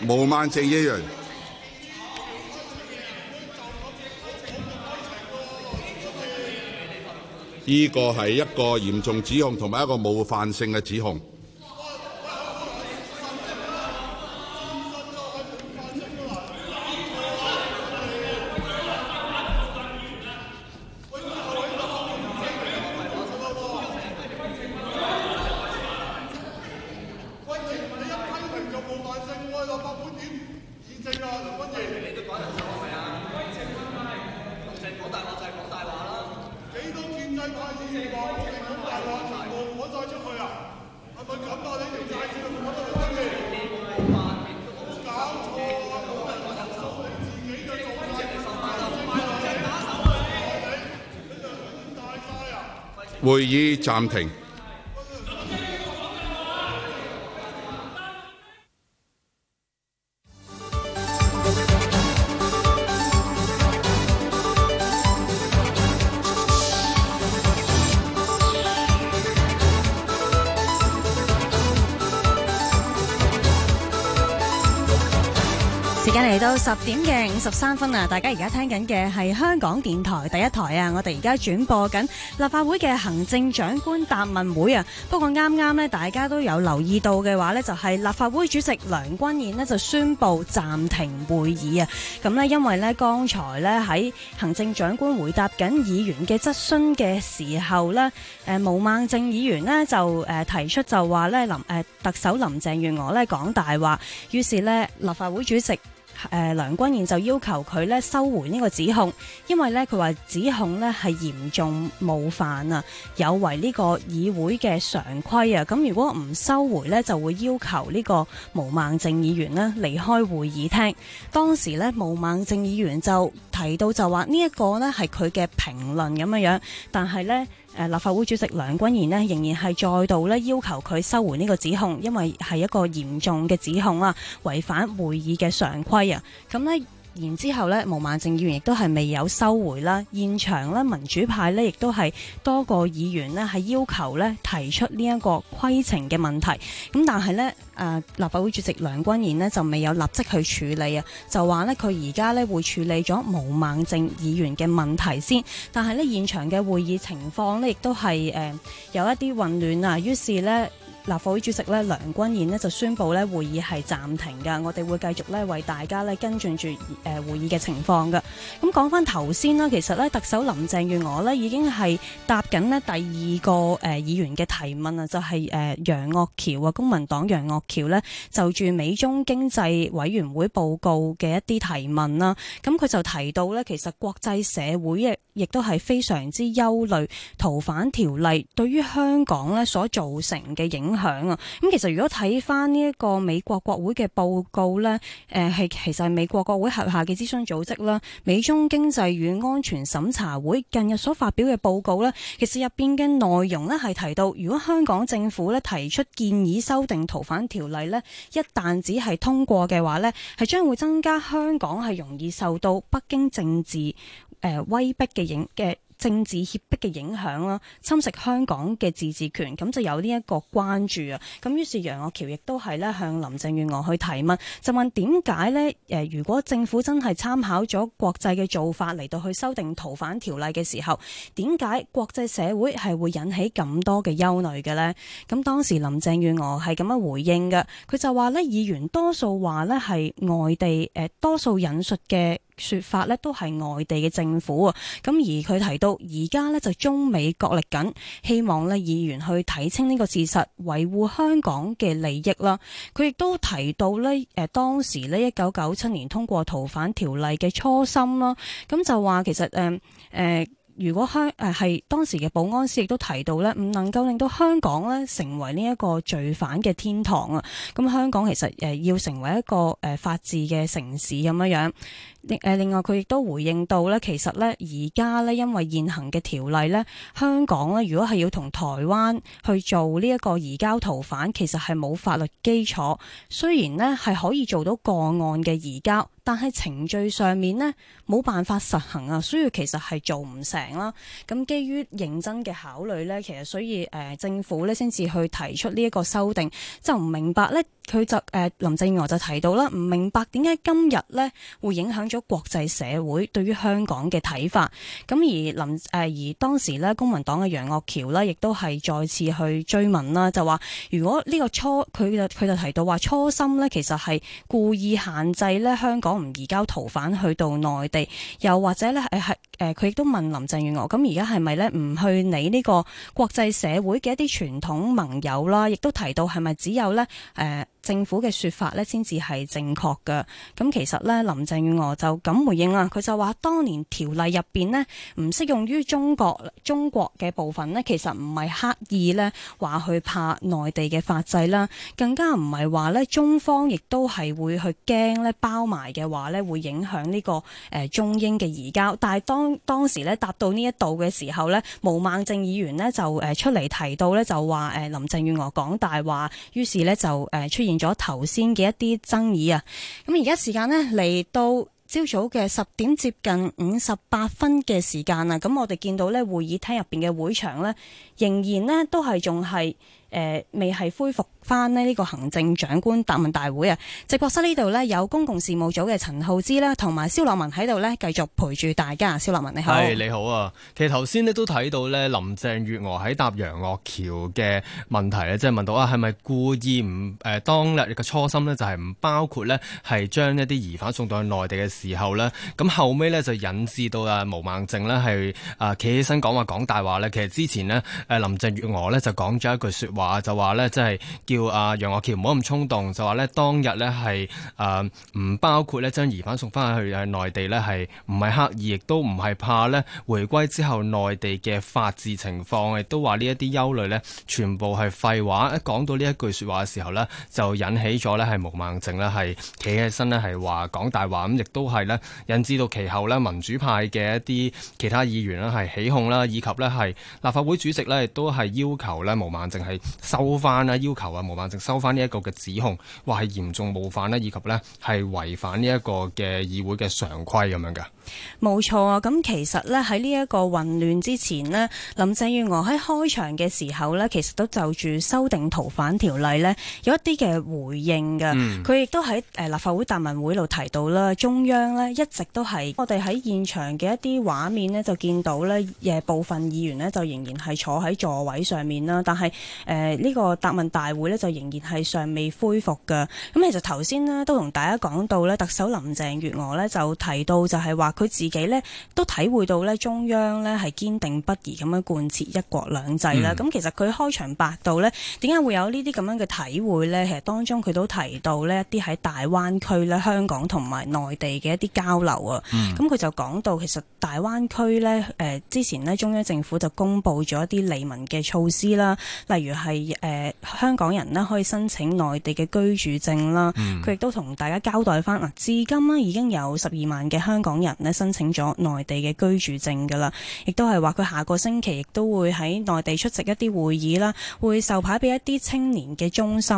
毛孟靜一樣，這個係一個嚴重指控，同埋一個冒犯性嘅指控。會議暫停。十點嘅五十三分啊！大家而家聽緊嘅係香港電台第一台啊！我哋而家轉播緊立法會嘅行政長官答問會啊。不過啱啱呢，大家都有留意到嘅話呢，就係、是、立法會主席梁君彥呢就宣布暫停會議啊。咁呢，因為呢，剛才呢喺行政長官回答緊議員嘅質詢嘅時候呢，誒，毛孟靜議員呢就誒提出就話呢林誒特首林鄭月娥呢講大話，於是呢，立法會主席。誒梁君彥就要求佢咧收回呢個指控，因為咧佢話指控呢係嚴重冒犯啊，有違呢個議會嘅常規啊。咁如果唔收回呢，就會要求呢個毛孟靜議員呢離開會議廳。當時呢毛孟靜議員就提到就話呢一個呢係佢嘅評論咁樣，但係呢。誒立法會主席梁君彥呢仍然係再度呢要求佢收回呢個指控，因為係一個嚴重嘅指控啊，違反會議嘅常規啊，咁呢然之後呢，毛孟靜議員亦都係未有收回啦。現場咧，民主派呢，亦都係多個議員呢係要求呢提出呢一個規程嘅問題。咁但係呢，誒、呃、立法會主席梁君彥呢就未有立即去處理啊，就話呢，佢而家呢會處理咗毛孟靜議員嘅問題先。但係呢，現場嘅會議情況呢，亦都係誒、呃、有一啲混亂啊。於是呢。立法會主席咧梁君彥咧就宣布咧會議係暫停㗎，我哋會繼續咧為大家咧跟進住誒會議嘅情況㗎。咁講翻頭先啦，其實咧特首林鄭月娥咧已經係答緊咧第二個誒議員嘅提問啊，就係誒楊岳橋啊，公民黨楊岳橋咧就住美中經濟委員會報告嘅一啲提問啦。咁佢就提到咧，其實國際社會咧。亦都係非常之憂慮逃犯條例對於香港咧所造成嘅影響啊。咁其實如果睇翻呢一個美國國會嘅報告咧，誒、呃、係其實係美國國會轄下嘅諮詢組織啦，美中經濟與安全審查會近日所發表嘅報告咧，其實入邊嘅內容咧係提到，如果香港政府咧提出建議修訂逃犯條例咧，一旦只係通過嘅話咧，係將會增加香港係容易受到北京政治，誒、呃、威逼嘅影嘅、呃、政治脅迫嘅影響啦，侵蝕香港嘅自治權，咁就有呢一個關注啊。咁於是楊岳橋亦都係呢向林鄭月娥去提問，就問點解呢、呃，如果政府真係參考咗國際嘅做法嚟到去修訂逃犯條例嘅時候，點解國際社會係會引起咁多嘅憂慮嘅呢？咁當時林鄭月娥係咁樣回應嘅，佢就話呢議員多數話呢係外地、呃、多數引述嘅。說法呢都係外地嘅政府喎，咁而佢提到而家呢就中美角力緊，希望呢議員去睇清呢個事實，維護香港嘅利益啦。佢亦都提到呢，誒當時呢一九九七年通過逃犯條例嘅初心啦，咁就話其實誒、呃、如果香誒係當時嘅保安司亦都提到呢，唔能夠令到香港呢成為呢一個罪犯嘅天堂啊。咁香港其實要成為一個法治嘅城市咁樣樣。另外佢亦都回應到呢，其實呢，而家呢，因為現行嘅條例呢，香港呢，如果係要同台灣去做呢一個移交逃犯，其實係冇法律基礎。雖然呢，係可以做到個案嘅移交，但係程序上面呢，冇辦法實行啊，所以其實係做唔成啦。咁基於認真嘅考慮呢，其實所以誒、呃、政府呢，先至去提出呢一個修訂。就唔明白呢，佢就誒、呃、林鄭月娥就提到啦，唔明白點解今日呢會影響咗國際社會對於香港嘅睇法，咁而林誒、呃、而當時咧，公民黨嘅楊岳橋呢，亦都係再次去追問啦，就話如果呢個初，佢就佢就提到話初心呢其實係故意限制呢香港唔移交逃犯去到內地，又或者呢，係係誒，佢、呃、亦都問林鄭月娥，咁而家係咪呢？唔去理呢個國際社會嘅一啲傳統盟友啦，亦都提到係咪只有呢？呃，誒？政府嘅說法咧，先至係正確嘅。咁其實咧，林鄭月娥就咁回應啊，佢就話當年條例入邊咧，唔適用於中國中國嘅部分咧，其實唔係刻意咧話去怕內地嘅法制啦，更加唔係話咧中方亦都係會去驚咧包埋嘅話咧，會影響呢個誒中英嘅移交。但係當當時咧達到呢一度嘅時候咧，毛孟靜議員咧就誒出嚟提到咧，就話誒林鄭月娥講大話，於是咧就誒出現。咗頭先嘅一啲爭議啊，咁而家時間呢，嚟到朝早嘅十點接近五十八分嘅時間啊，咁我哋見到呢會議廳入邊嘅會場呢，仍然呢都係仲係。誒未係恢復翻咧呢個行政長官答問大會啊！直播室呢度呢，有公共事務組嘅陳浩之啦，同埋蕭樂文喺度呢，繼續陪住大家。蕭樂文你好，係你好啊！其實頭先咧都睇到呢，林鄭月娥喺搭楊岳橋嘅問題咧，即係問到啊，係咪故意唔誒當日嘅初心呢，就係唔包括呢，係將一啲疑犯送到去內地嘅時候呢。咁後尾呢，就引致到啊毛孟靜呢，係啊企起身講話講大話呢。其實之前呢，誒林鄭月娥呢，就講咗一句説話。話就話呢，即係叫阿楊岳橋唔好咁衝動。就話呢，當日呢係誒唔包括呢將疑犯送翻去內地呢，係唔係刻意，亦都唔係怕呢。回歸之後內地嘅法治情況，亦都話呢一啲憂慮呢，全部係廢話。一講到呢一句說話嘅時候呢，就引起咗呢係毛孟靜呢係企起身呢係話講大話，咁亦都係呢，引致到其後呢民主派嘅一啲其他議員呢係起哄啦，以及呢係立法會主席呢亦都係要求呢毛孟靜係。收翻啦，要求啊，毛孟靜收翻呢一個嘅指控，話係嚴重冒犯啦，以及呢係違反呢一個嘅議會嘅常規咁樣㗎。冇錯啊！咁其實呢，喺呢一個混亂之前呢，林鄭月娥喺開場嘅時候呢，其實都就住修訂逃犯條例呢，有一啲嘅回應嘅。佢亦都喺誒立法會答問會度提到啦，中央呢一直都係我哋喺現場嘅一啲畫面呢，就見到呢誒部分議員呢，就仍然係坐喺座位上面啦。但係誒呢個答問大會呢，就仍然係尚未恢復㗎。咁其實頭先呢，都同大家講到呢，特首林鄭月娥呢，就提到就係話。佢自己咧，都體會到咧，中央咧係堅定不移咁樣貫徹一國兩制啦。咁、嗯、其實佢開場白度咧，點解會有呢啲咁樣嘅體會咧？其實當中佢都提到呢一啲喺大灣區咧，香港同埋內地嘅一啲交流啊。咁、嗯、佢就講到其實大灣區咧，誒之前咧，中央政府就公布咗一啲利民嘅措施啦，例如係誒、呃、香港人呢可以申請內地嘅居住證啦。佢、嗯、亦都同大家交代翻啊，至今呢已經有十二萬嘅香港人申請咗內地嘅居住證㗎啦，亦都係話佢下個星期亦都會喺內地出席一啲會議啦，會授牌俾一啲青年嘅中心。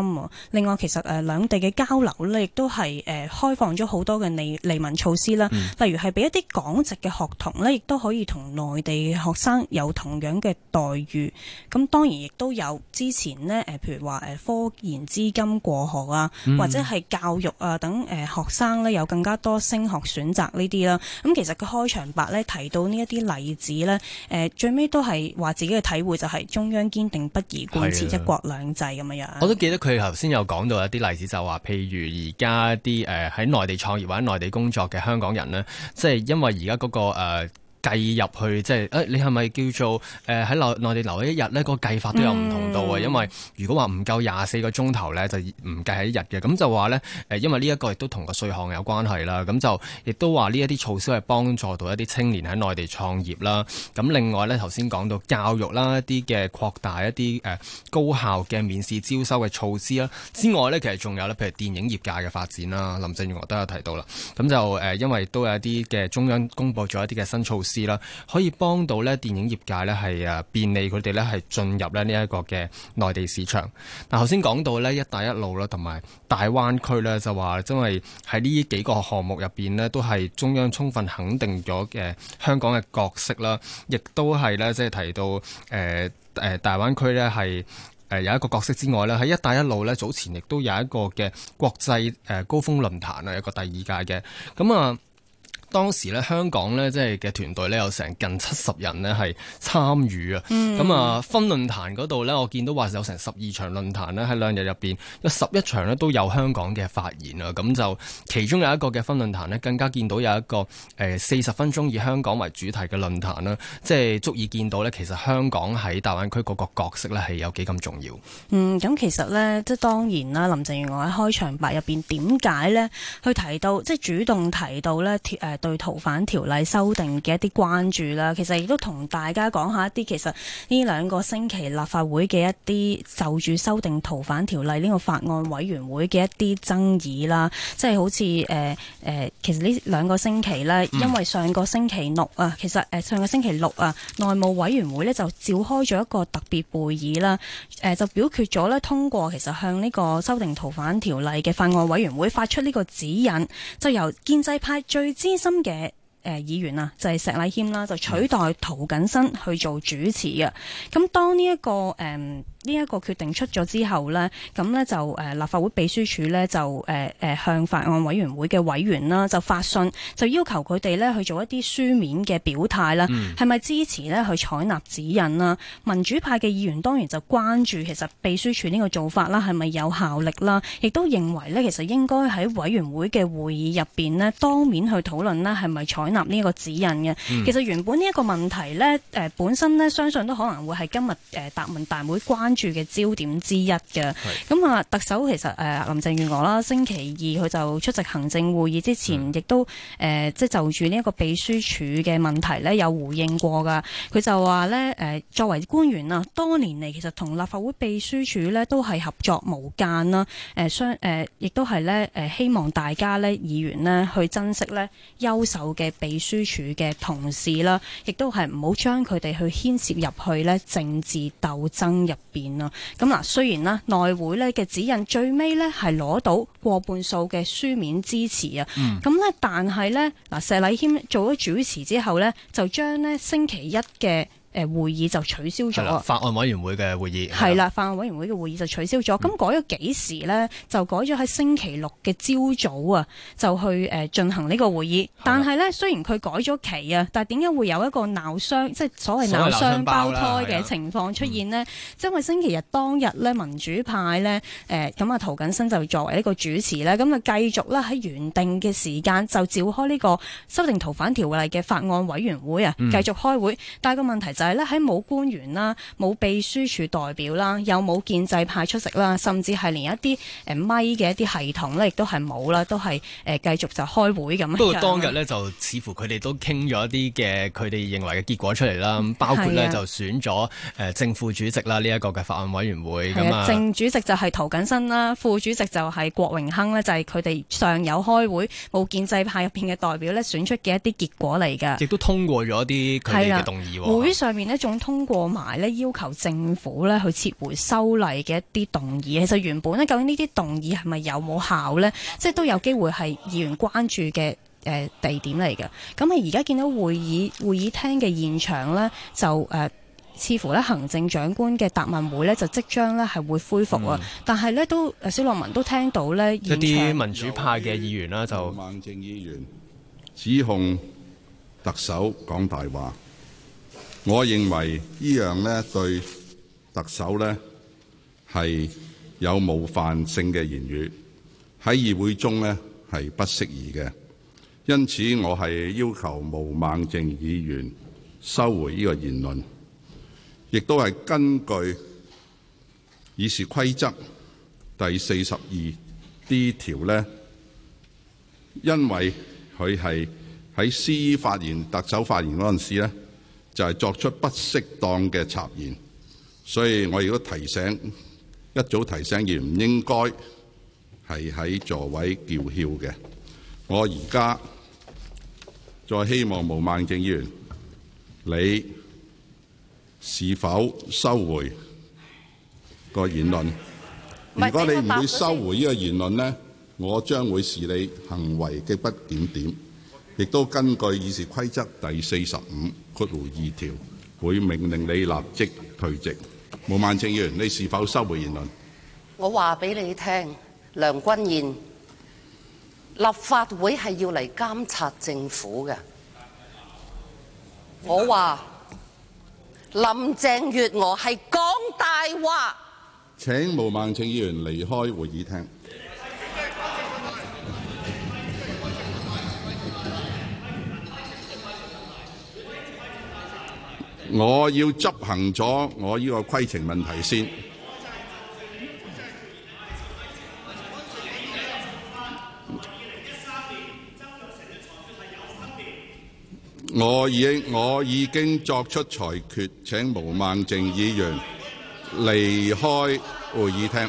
另外，其實誒、呃、兩地嘅交流呢，亦都係誒、呃、開放咗好多嘅利、利民措施啦，嗯、例如係俾一啲港籍嘅學童呢，亦都可以同內地學生有同樣嘅待遇。咁當然亦都有之前呢，誒，譬如話誒科研資金過河啊，嗯、或者係教育啊等誒、呃、學生呢，有更加多升學選擇呢啲啦。咁其實佢開場白咧提到呢一啲例子咧，誒最尾都係話自己嘅體會就係中央堅定不移貫徹一國兩制咁樣。我都記得佢頭先有講到一啲例子，就話譬如而家啲誒喺內地創業或者內地工作嘅香港人呢，即係因為而家嗰個呃計入去即係，誒、欸、你係咪叫做誒喺、呃、內地留一日呢？個計法都有唔同到啊、嗯。因為如果話唔夠廿四個鐘頭呢，就唔計喺一日嘅。咁就話呢、呃，因為呢一個亦都同個稅項有關係啦。咁就亦都話呢一啲措施係幫助到一啲青年喺內地創業啦。咁另外呢，頭先講到教育啦，一啲嘅擴大一啲誒、呃、高校嘅免試招收嘅措施啦。之外呢，其實仲有呢，譬如電影業界嘅發展啦，林鄭月娥都有提到啦。咁就誒、呃，因為都有一啲嘅中央公布咗一啲嘅新措施啦，可以幫到咧電影業界咧，係誒便利佢哋咧係進入咧呢一個嘅內地市場。嗱，頭先講到呢，「一帶一路」啦，同埋大灣區呢，就話真係喺呢幾個項目入邊咧，都係中央充分肯定咗嘅香港嘅角色啦，亦都係呢，即係提到誒誒大灣區呢，係誒有一個角色之外呢，喺一帶一路呢，早前亦都有一個嘅國際誒高峰論壇啊，一個第二屆嘅咁啊。當時咧，香港咧，即係嘅團隊咧，有成近七十人咧係參與啊。咁、嗯、啊，咁分論壇嗰度咧，我見到話有成十二場論壇咧，喺兩日入邊，有十一場咧都有香港嘅發言啊。咁就其中有一個嘅分論壇咧，更加見到有一個誒四十分鐘以香港為主題嘅論壇啦，即、就、係、是、足以見到咧，其實香港喺大灣區嗰個角色咧係有幾咁重要。嗯，咁其實呢，即係當然啦，林鄭月娥喺開場白入邊點解呢？去提到，即係主動提到呢。誒、呃？對逃犯條例修訂嘅一啲關注啦，其實亦都同大家講下一啲其實呢兩個星期立法會嘅一啲就住修訂逃犯條例呢個法案委員會嘅一啲爭議啦，即係好似誒誒，其實呢兩個星期呢、嗯，因為上個星期六啊，其實誒、呃、上個星期六啊，內務委員會呢就召開咗一個特別會議啦，誒、啊、就表決咗呢，通過，其實向呢個修訂逃犯條例嘅法案委員會發出呢個指引，就由建制派最資深。嘅誒、呃、議員啊，就係、是、石禮謙啦，就取代涂謹申去做主持嘅。咁、嗯、當呢、這、一個誒。嗯呢、這、一個決定出咗之後咧，咁咧就誒立法會秘書處咧就誒誒向法案委員會嘅委員啦，就發信就要求佢哋咧去做一啲書面嘅表態啦，嗯，係咪支持咧去採納指引啦？民主派嘅議員當然就關注其實秘書處呢個做法啦，係咪有效力啦？亦都認為咧，其實應該喺委員會嘅會議入邊咧當面去討論啦，係咪採納呢個指引嘅？嗯，其實原本呢一個問題咧誒本身咧相信都可能會係今日誒答問大會關注。住嘅焦點之一嘅，咁啊，特首其實誒林鄭月娥啦，星期二佢就出席行政會議之前，亦、嗯、都誒即係就住呢一個秘書處嘅問題咧，有回應過噶。佢就話咧誒，作為官員啊，多年嚟其實同立法會秘書處咧都係合作無間啦，誒相誒亦、呃、都係咧誒希望大家咧議員咧去珍惜咧優秀嘅秘書處嘅同事啦，亦都係唔好將佢哋去牽涉入去咧政治鬥爭入邊。咁嗱，雖然咧內會咧嘅指引最尾呢係攞到過半數嘅書面支持啊，咁、嗯、呢，但係呢，嗱，石禮謙做咗主持之後呢，就將呢星期一嘅誒、呃、會議就取消咗法案委員會嘅會議係啦，法案委員會嘅會,會,會議就取消咗。咁、嗯、改咗幾時呢？就改咗喺星期六嘅朝早啊，就去誒、呃、進行呢個會議。但係呢，雖然佢改咗期啊，但係點解會有一個鬧雙，即、就、係、是、所謂鬧雙胞胎嘅情況出現係因為星期日當日呢，民主派呢，誒、呃、咁啊，涂謹申就作為一個主持呢，咁啊繼續啦喺原定嘅時間就召開呢、這個修訂逃犯條例嘅法案委員會啊，繼續開會。嗯、但係個問題、就是就係咧，喺冇官員啦，冇秘書處代表啦，又冇建制派出席啦，甚至係連一啲誒咪嘅一啲系統咧，亦都係冇啦，都係誒繼續就開會咁樣。不過當日呢，就似乎佢哋都傾咗一啲嘅佢哋認為嘅結果出嚟啦，包括咧就選咗誒正副主席啦，呢一個嘅法案委員會。係啊，正主席就係涂謹申啦，副主席就係郭榮鏗咧，就係佢哋尚有開會冇建制派入邊嘅代表咧選出嘅一啲結果嚟㗎。亦都通過咗一啲佢哋嘅動議。會上。上面呢仲通過埋呢要求政府呢去撤回修例嘅一啲動議，其實原本呢究竟呢啲動議係咪有冇效呢？即係都有機會係議員關注嘅誒地點嚟嘅。咁係而家見到會議會議廳嘅現場呢，就誒、呃、似乎呢行政長官嘅答問會呢，就即將呢係會恢復啊、嗯！但係呢，都小樂民都聽到呢，一啲民主派嘅議員啦，就行政議員指控特首講大話。我認為依樣咧對特首咧係有冒犯性嘅言語，喺議會中咧係不適宜嘅。因此，我係要求毛孟靜議員收回呢個言論，亦都係根據議事規則第四十二 D 條咧，因為佢係喺司儀發言、特首發言嗰陣時就係、是、作出不適當嘅插言，所以我亦都提醒一早提醒，而唔應該係喺座位叫囂嘅。我而家再希望毛孟靜議員，你是否收回個言論？如果你唔會收回呢個言論呢，我將會視你行為嘅不檢點，亦都根據議事規則第四十五不路二條，會命令你立即退席。毛孟靜議員，你是否收回言論？我話俾你聽，梁君彥，立法會係要嚟監察政府嘅。我話林鄭月娥係講大話。請毛孟靜議員離開會議廳。我要執行咗我呢個規程問題先我。我已我已經作出裁決，請毛孟靜議員離開會議廳。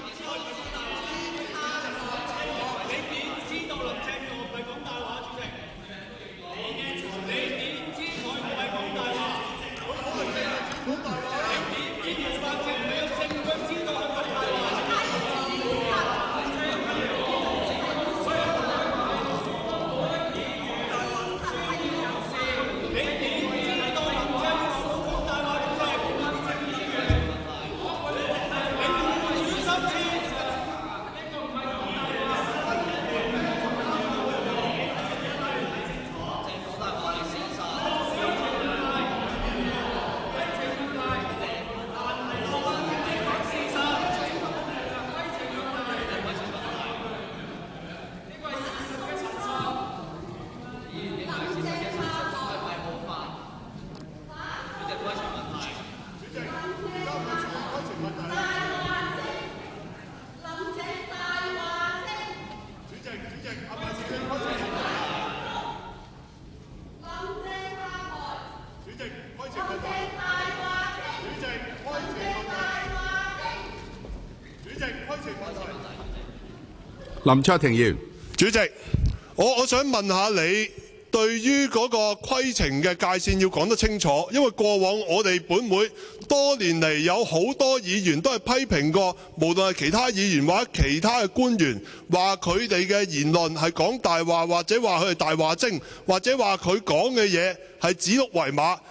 林卓廷議員，主席，我我想問下你對於嗰個規程嘅界線要講得清楚，因為過往我哋本會多年嚟有好多議員都係批評過，無論係其他議員或者其他嘅官員，話佢哋嘅言論係講大話，或者話佢係大話精，或者說他說的話，佢講嘅嘢係指鹿為馬。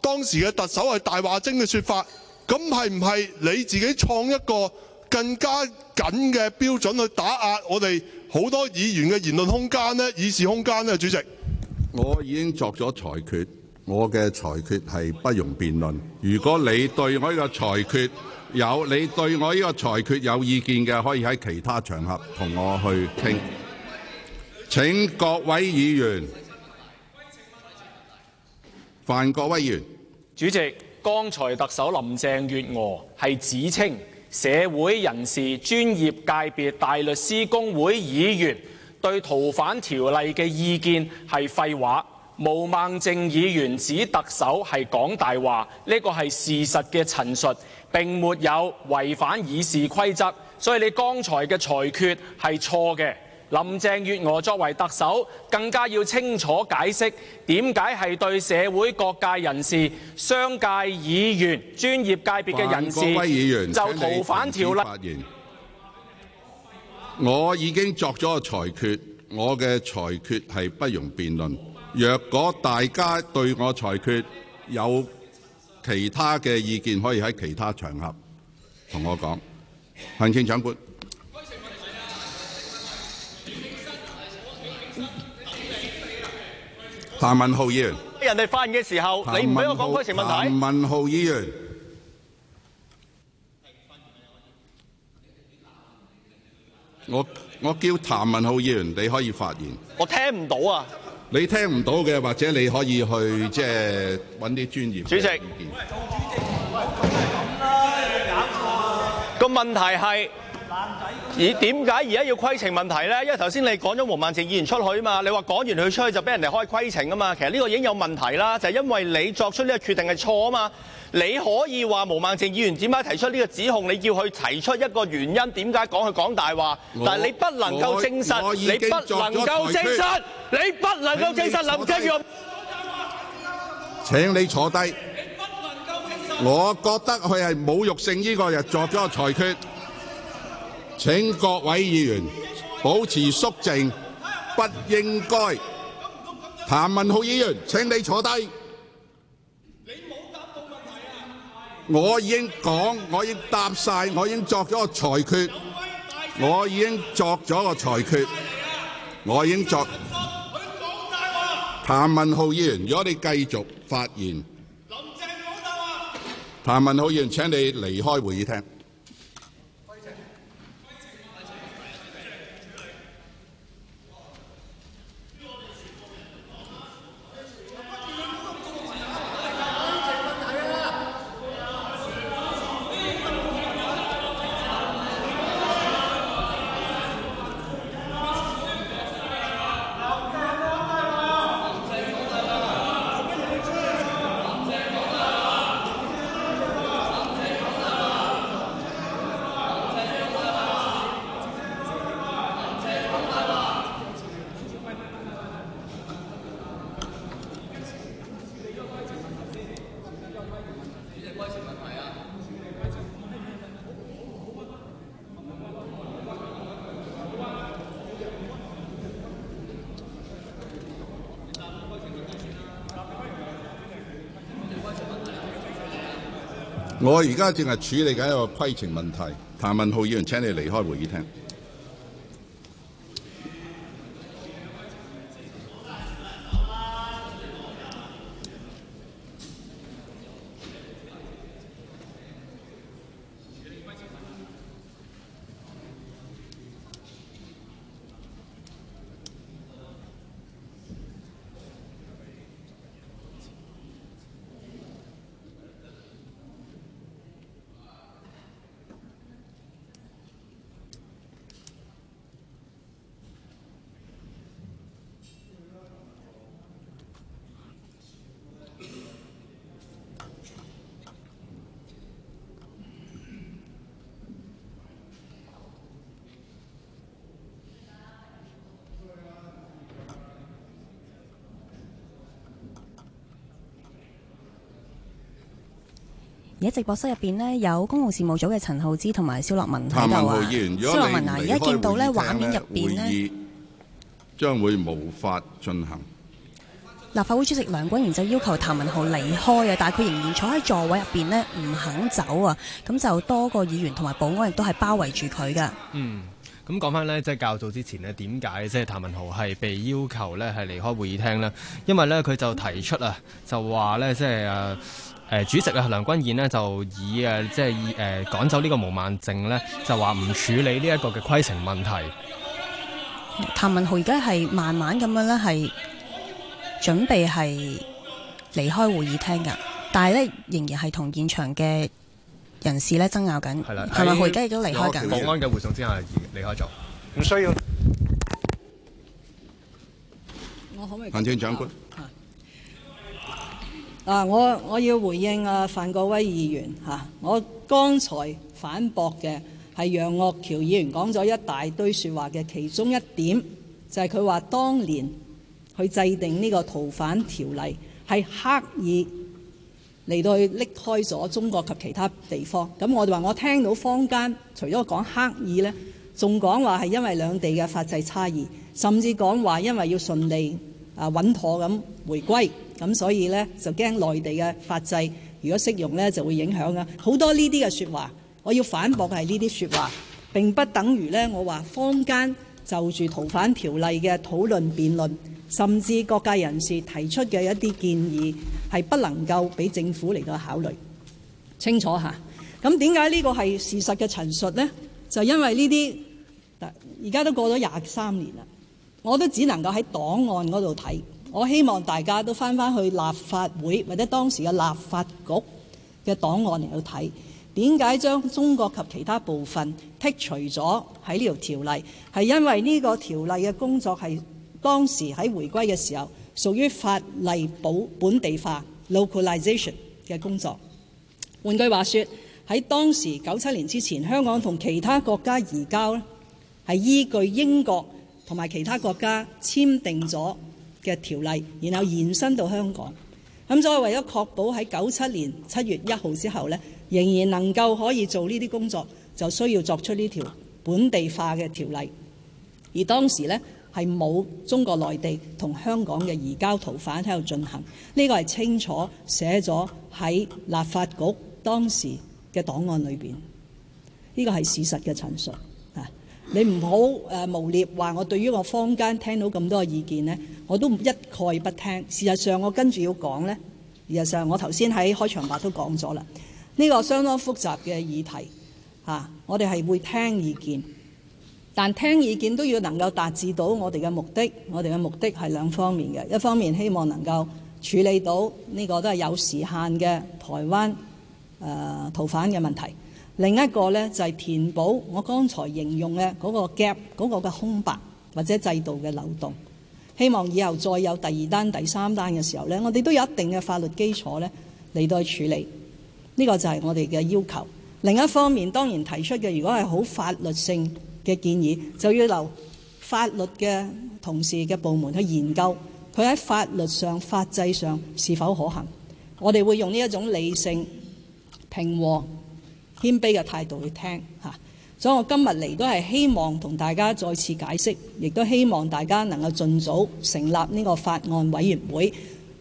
當時嘅特首係大話精嘅說法，咁係唔係你自己創一個更加緊嘅標準去打壓我哋好多議員嘅言論空間呢？議事空間呢？主席，我已經作咗裁決，我嘅裁決係不容辯論。如果你對我呢個裁決有，你對我呢個裁決有意見嘅，可以喺其他場合同我去傾。請各位議員。范國威議員，主席，剛才特首林鄭月娥係指稱社會人士、專業界別、大律師公會議員對逃犯條例嘅意見係廢話，毛孟靜議員指特首係講大話，呢個係事實嘅陳述，並沒有違反議事規則，所以你剛才嘅裁決係錯嘅。林鄭月娥作為特首，更加要清楚解釋點解係對社會各界人士、商界議員、專業界別嘅人士。范國威議員就逃犯條例發言，我已經作咗裁決，我嘅裁決係不容辯論。若果大家對我裁決有其他嘅意見，可以喺其他場合同我講。行政長官。譚文豪議員，人哋發言嘅時候，你唔俾我講，佢成問題。譚文豪議員，我我叫譚文豪議員，你可以發言。我聽唔到啊！你聽唔到嘅，或者你可以去即係揾啲專業嘅意見。主席，個問題係。而點解而家要規程問題呢？因為頭先你講咗毛孟靜議員出去嘛，你話講完佢出去就俾人哋開規程啊嘛。其實呢個已經有問題啦，就係、是、因為你作出呢個決定係錯啊嘛。你可以話毛孟靜議員點解提出呢個指控，你要去提出一個原因，點解講佢講大話？但係你不能夠證實，你不能夠證實，你不能夠證實。林鄭月，請你坐低。我覺得佢係侮辱性呢個，又作咗個裁決。請各位議員保持肅靜，不應該。譚文浩議員，請你坐低。你冇答到問題啊！我已經講，我已經答晒，我已經作咗個裁決，我已經作咗個裁決，我已經作。譚文浩議員，如果你繼續發言，林鄭講大話，譚文浩議員，請你離開會議廳。我而家正係處理緊一個規程問題，譚文浩議員，請你離開會議廳。喺直播室入邊呢，有公共事務組嘅陳浩之同埋蕭樂文喺度啊。蕭樂文啊，而家見到呢畫面入邊呢，將會無法進行。立法會主席梁君彥，就要求譚文豪離開啊，但係佢仍然坐喺座位入邊呢，唔肯走啊。咁就多個議員同埋保安亦都係包圍住佢噶。嗯，咁講翻呢，即係較早之前呢，點解即係譚文豪係被要求呢，係離開會議廳咧？因為呢，佢就提出啊，就話呢，即係誒。呃誒、呃、主席啊，梁君彥呢，就以誒即係誒、呃、趕走呢個毛孟靜呢，就話唔處理呢一個嘅規程問題。譚文豪而家係慢慢咁樣咧，係準備係離開會議廳嘅，但係咧仍然係同現場嘅人士咧爭拗緊。係啦，係咪佢而家亦都離開緊？保安嘅護送之下離開咗，唔需要。我可唔可以？行政長官。嗱，我我要回應啊，范國威議員嚇，我剛才反駁嘅係楊岳橋議員講咗一大堆説話嘅其中一點，就係佢話當年去制定呢個逃犯條例係刻意嚟到去拎開咗中國及其他地方。咁我哋話我聽到坊間除咗講刻意呢，仲講話係因為兩地嘅法制差異，甚至講話因為要順利啊、穩妥咁回歸。咁所以呢，就驚內地嘅法制如果適用呢，就會影響啊！好多呢啲嘅說話，我要反駁嘅係呢啲說話，並不等於呢。我話坊間就住逃犯條例嘅討論辯論，甚至各界人士提出嘅一啲建議係不能夠俾政府嚟到考慮。清楚下，咁點解呢個係事實嘅陳述呢？就因為呢啲而家都過咗廿三年啦，我都只能夠喺檔案嗰度睇。我希望大家都翻翻去立法會或者當時嘅立法局嘅檔案嚟到睇，點解將中國及其他部分剔除咗喺呢條條例，係因為呢個條例嘅工作係當時喺回歸嘅時候屬於法例保本地化 (localization) 嘅工作。換句話說，喺當時九七年之前，香港同其他國家移交呢，係依據英國同埋其他國家簽訂咗。嘅條例，然後延伸到香港。咁所以為咗確保喺九七年七月一號之後呢，仍然能夠可以做呢啲工作，就需要作出呢條本地化嘅條例。而當時呢，係冇中國內地同香港嘅移交逃犯喺度進行，呢個係清楚寫咗喺立法局當時嘅檔案裏面。呢個係事實嘅陳述。你唔好誒誣蔑話我對於我坊間聽到咁多嘅意見呢，我都一概不聽。事實上我跟住要講呢，事實上我頭先喺開場白都講咗啦。呢個相當複雜嘅議題嚇，我哋係會聽意見，但聽意見都要能夠達至到我哋嘅目的。我哋嘅目的係兩方面嘅，一方面希望能夠處理到呢個都係有時限嘅台灣誒逃犯嘅問題。另一個呢，就係填補我剛才形容嘅嗰個 gap 嗰個空白或者制度嘅漏洞。希望以後再有第二單、第三單嘅時候呢，我哋都有一定嘅法律基礎咧嚟到處理。呢個就係我哋嘅要求。另一方面當然提出嘅，如果係好法律性嘅建議，就要由法律嘅同事嘅部門去研究佢喺法律上、法制上是否可行。我哋會用呢一種理性平和、謙卑嘅態度去聽嚇，所以我今日嚟都係希望同大家再次解釋，亦都希望大家能夠盡早成立呢個法案委員會，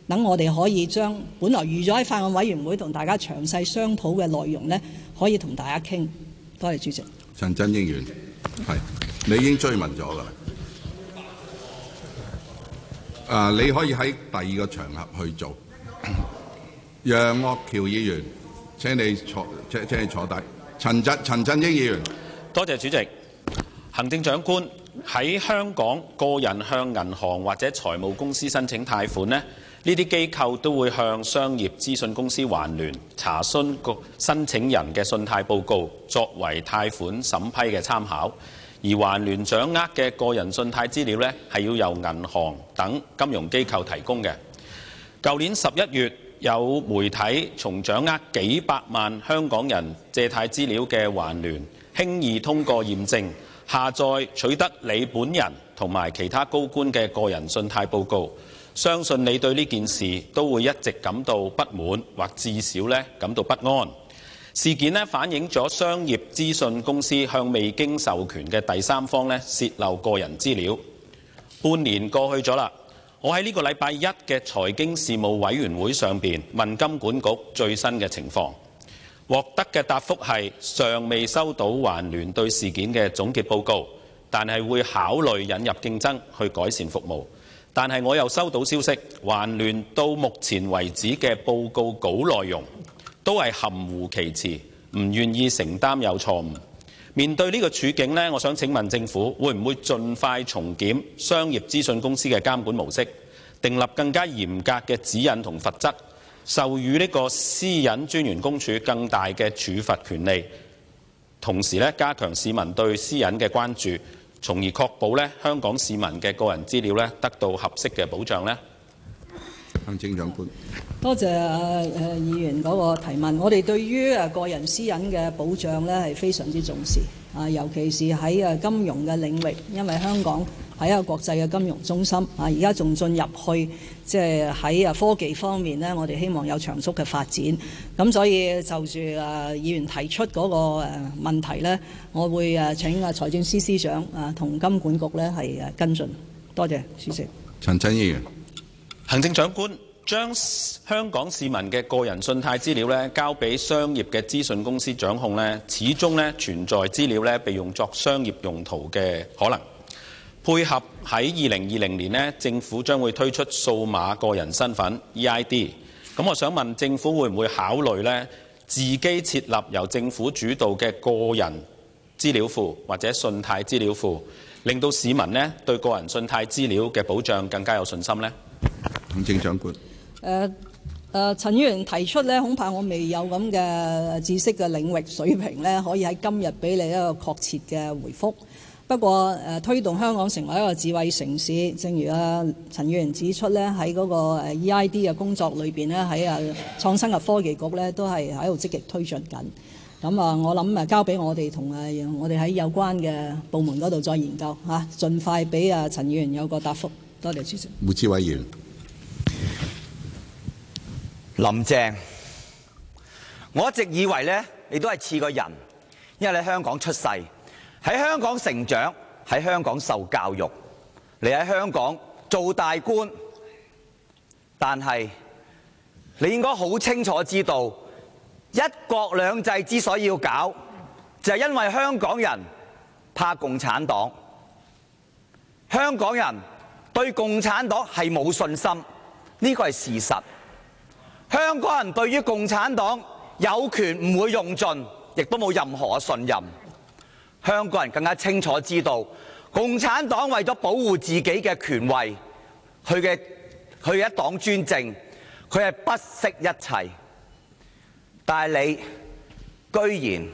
等我哋可以將本來預咗喺法案委員會同大家詳細商討嘅內容呢，可以同大家傾。多謝主席。陳振英議員，係你已經追問咗㗎啦。啊，你可以喺第二個場合去做。楊岳橋議員。請你坐，請請你坐低。陳振陳振英議員，多謝主席。行政長官，喺香港個人向銀行或者財務公司申請貸款咧，呢啲機構都會向商業資訊公司環聯查詢個申請人嘅信貸報告，作為貸款審批嘅參考。而環聯掌握嘅個人信貸資料咧，係要由銀行等金融機構提供嘅。舊年十一月。有媒體從掌握幾百萬香港人借貸資料嘅環聯輕易通過驗證，下載取得你本人同埋其他高官嘅個人信貸報告。相信你對呢件事都會一直感到不滿，或至少咧感到不安。事件反映咗商業資訊公司向未經授權嘅第三方咧洩漏個人資料。半年過去咗啦。我喺呢個禮拜一嘅財經事務委員會上面問金管局最新嘅情況，獲得嘅答覆係尚未收到環聯對事件嘅總結報告，但係會考慮引入競爭去改善服務。但係我又收到消息，環聯到目前為止嘅報告稿內容都係含糊其詞，唔願意承擔有錯誤。面對呢個處境呢，我想請問政府會唔會盡快重檢商業資訊公司嘅監管模式，訂立更加嚴格嘅指引同罰則，授予呢個私隱專員公署更大嘅處罰權力，同時呢加強市民對私隱嘅關注，從而確保呢香港市民嘅個人資料呢得到合適嘅保障呢？行政長官，多謝誒議員嗰個提問。我哋對於誒個人私隱嘅保障呢，係非常之重視啊，尤其是喺誒金融嘅領域，因為香港係一個國際嘅金融中心啊。而家仲進入去即係喺誒科技方面呢，我哋希望有長足嘅發展。咁所以就住誒議員提出嗰個誒問題呢，我會誒請誒財政司司長啊同金管局呢係誒跟進。多謝主席。陳振議員。行政長官，將香港市民嘅個人信貸資料咧交俾商業嘅資訊公司掌控咧，始終咧存在資料被用作商業用途嘅可能。配合喺二零二零年咧，政府將會推出數碼個人身份 EID。咁我想問政府會唔會考慮咧自己設立由政府主導嘅個人資料庫或者信貸資料庫，令到市民咧對個人信貸資料嘅保障更加有信心呢？行政長官誒誒、呃呃，陳議員提出呢，恐怕我未有咁嘅知識嘅領域水平呢可以喺今日俾你一個確切嘅回覆。不過誒、呃，推動香港成為一個智慧城市，正如啊、呃、陳議員指出呢喺嗰個 EID 嘅工作裏邊呢喺誒創新及科技局呢都係喺度積極推進緊。咁啊，我諗誒交俾我哋同誒我哋喺有關嘅部門嗰度再研究嚇、啊，盡快俾啊、呃、陳議員有個答覆。多謝主席，胡志偉議林鄭，我一直以為咧，你都係似個人，因為你香港出世，喺香港成長，喺香港受教育，你喺香港做大官，但係你應該好清楚知道，一國兩制之所以要搞，就係因為香港人怕共產黨，香港人對共產黨係冇信心。呢個係事實，香港人對於共產黨有權唔會用盡，亦都冇任何嘅信任。香港人更加清楚知道，共產黨為咗保護自己嘅權位，佢嘅佢一黨專政，佢係不惜一切。但係你居然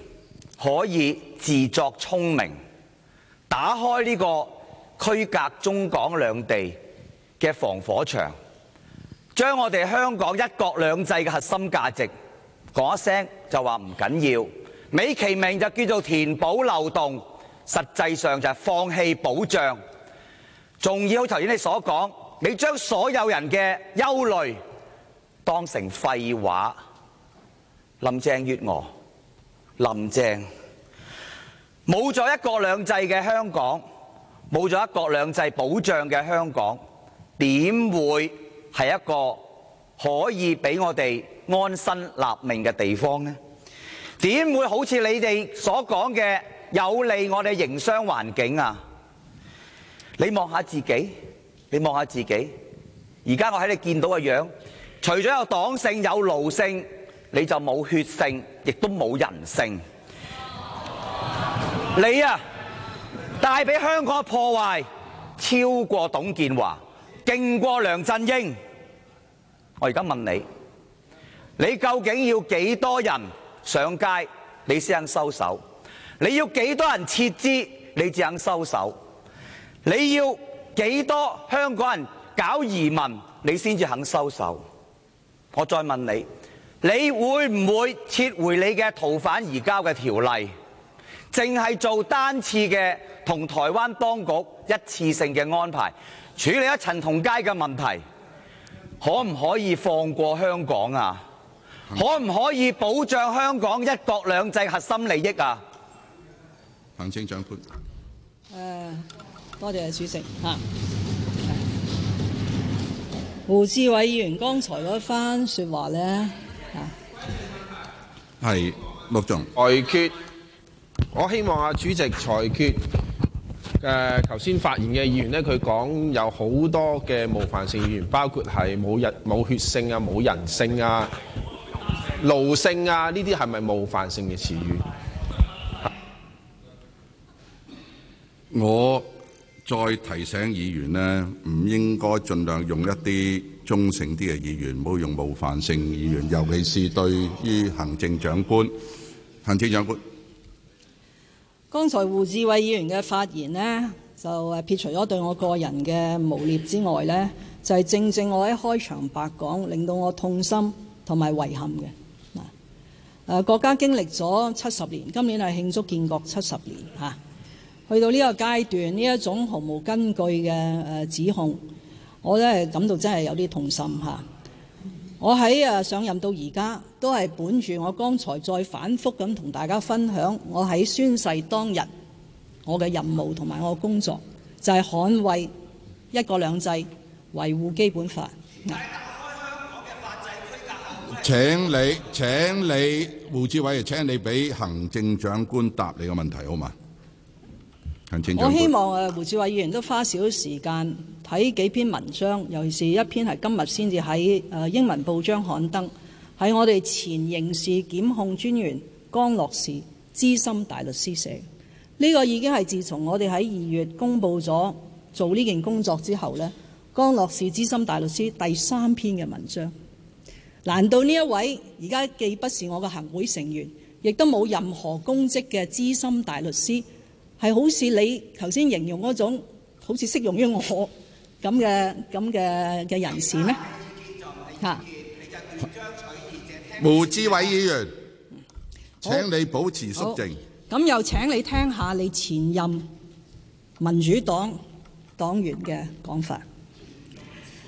可以自作聰明，打開呢個區隔中港兩地嘅防火牆。將我哋香港一國兩制嘅核心價值講一聲，就話唔緊要。美其名就叫做填補漏洞，實際上就係放棄保障。仲要頭先你所講，你將所有人嘅憂慮當成廢話。林鄭月娥，林鄭冇咗一國兩制嘅香港，冇咗一國兩制保障嘅香港，點會係一個可以俾我哋安身立命嘅地方咧？點會好似你哋所講嘅有利我哋營商環境啊？你望下自己，你望下自己。而家我喺你見到嘅樣，除咗有黨性、有奴性，你就冇血性，亦都冇人性。你啊，帶俾香港嘅破壞超過董建華，勁過梁振英。我而家問你：你究竟要幾多人上街，你先肯收手？你要幾多人撤資，你先肯收手？你要幾多香港人搞移民，你先至肯收手？我再問你：你會唔會撤回你嘅逃犯移交嘅條例？淨係做單次嘅同台灣當局一次性嘅安排，處理一陳同佳嘅問題？可唔可以放過香港啊？可唔可以保障香港一國兩制核心利益啊？行政長官，誒，多謝主席、啊、胡志偉議員剛才嗰番說話咧嚇，係陸總裁決，我希望阿主席裁決。誒，頭先發言嘅議員呢，佢講有好多嘅冒犯性議員，包括係冇人冇血性啊、冇人性啊、奴性啊，呢啲係咪冒犯性嘅詞語？我再提醒議員呢，唔應該盡量用一啲中性啲嘅議員，唔好用冒犯性議員，尤其是對於行政長官、行政長官。剛才胡志偉議員嘅發言呢，就撇除咗對我個人嘅誣蔑之外呢，就是正正我喺開場白講，令到我痛心同埋遺憾嘅。國家經歷咗七十年，今年是慶祝建國七十年，去到呢個階段，呢一種毫無根據嘅指控，我咧感到真係有啲痛心。我喺啊上任到而家都係本住我剛才再反覆咁同大家分享，我喺宣誓當日我嘅任務同埋我嘅工作就係捍衛一國兩制，維護基本法。請你請你胡志偉，請你俾行政長官答你個問題好嗎？我希望誒胡志偉議員都花少少時間睇幾篇文章，尤其是一篇係今日先至喺誒英文報章刊登，係我哋前刑事檢控專員江樂士資深大律師寫。呢個已經係自從我哋喺二月公布咗做呢件工作之後咧，江樂士資深大律師第三篇嘅文章。難道呢一位而家既不是我嘅行會成員，亦都冇任何公職嘅資深大律師？係好似你頭先形容嗰種，好似適用於我咁嘅咁嘅嘅人士咩？嚇！胡志偉議員，請你保持肅靜。咁又請你聽下你前任民主黨黨員嘅講法。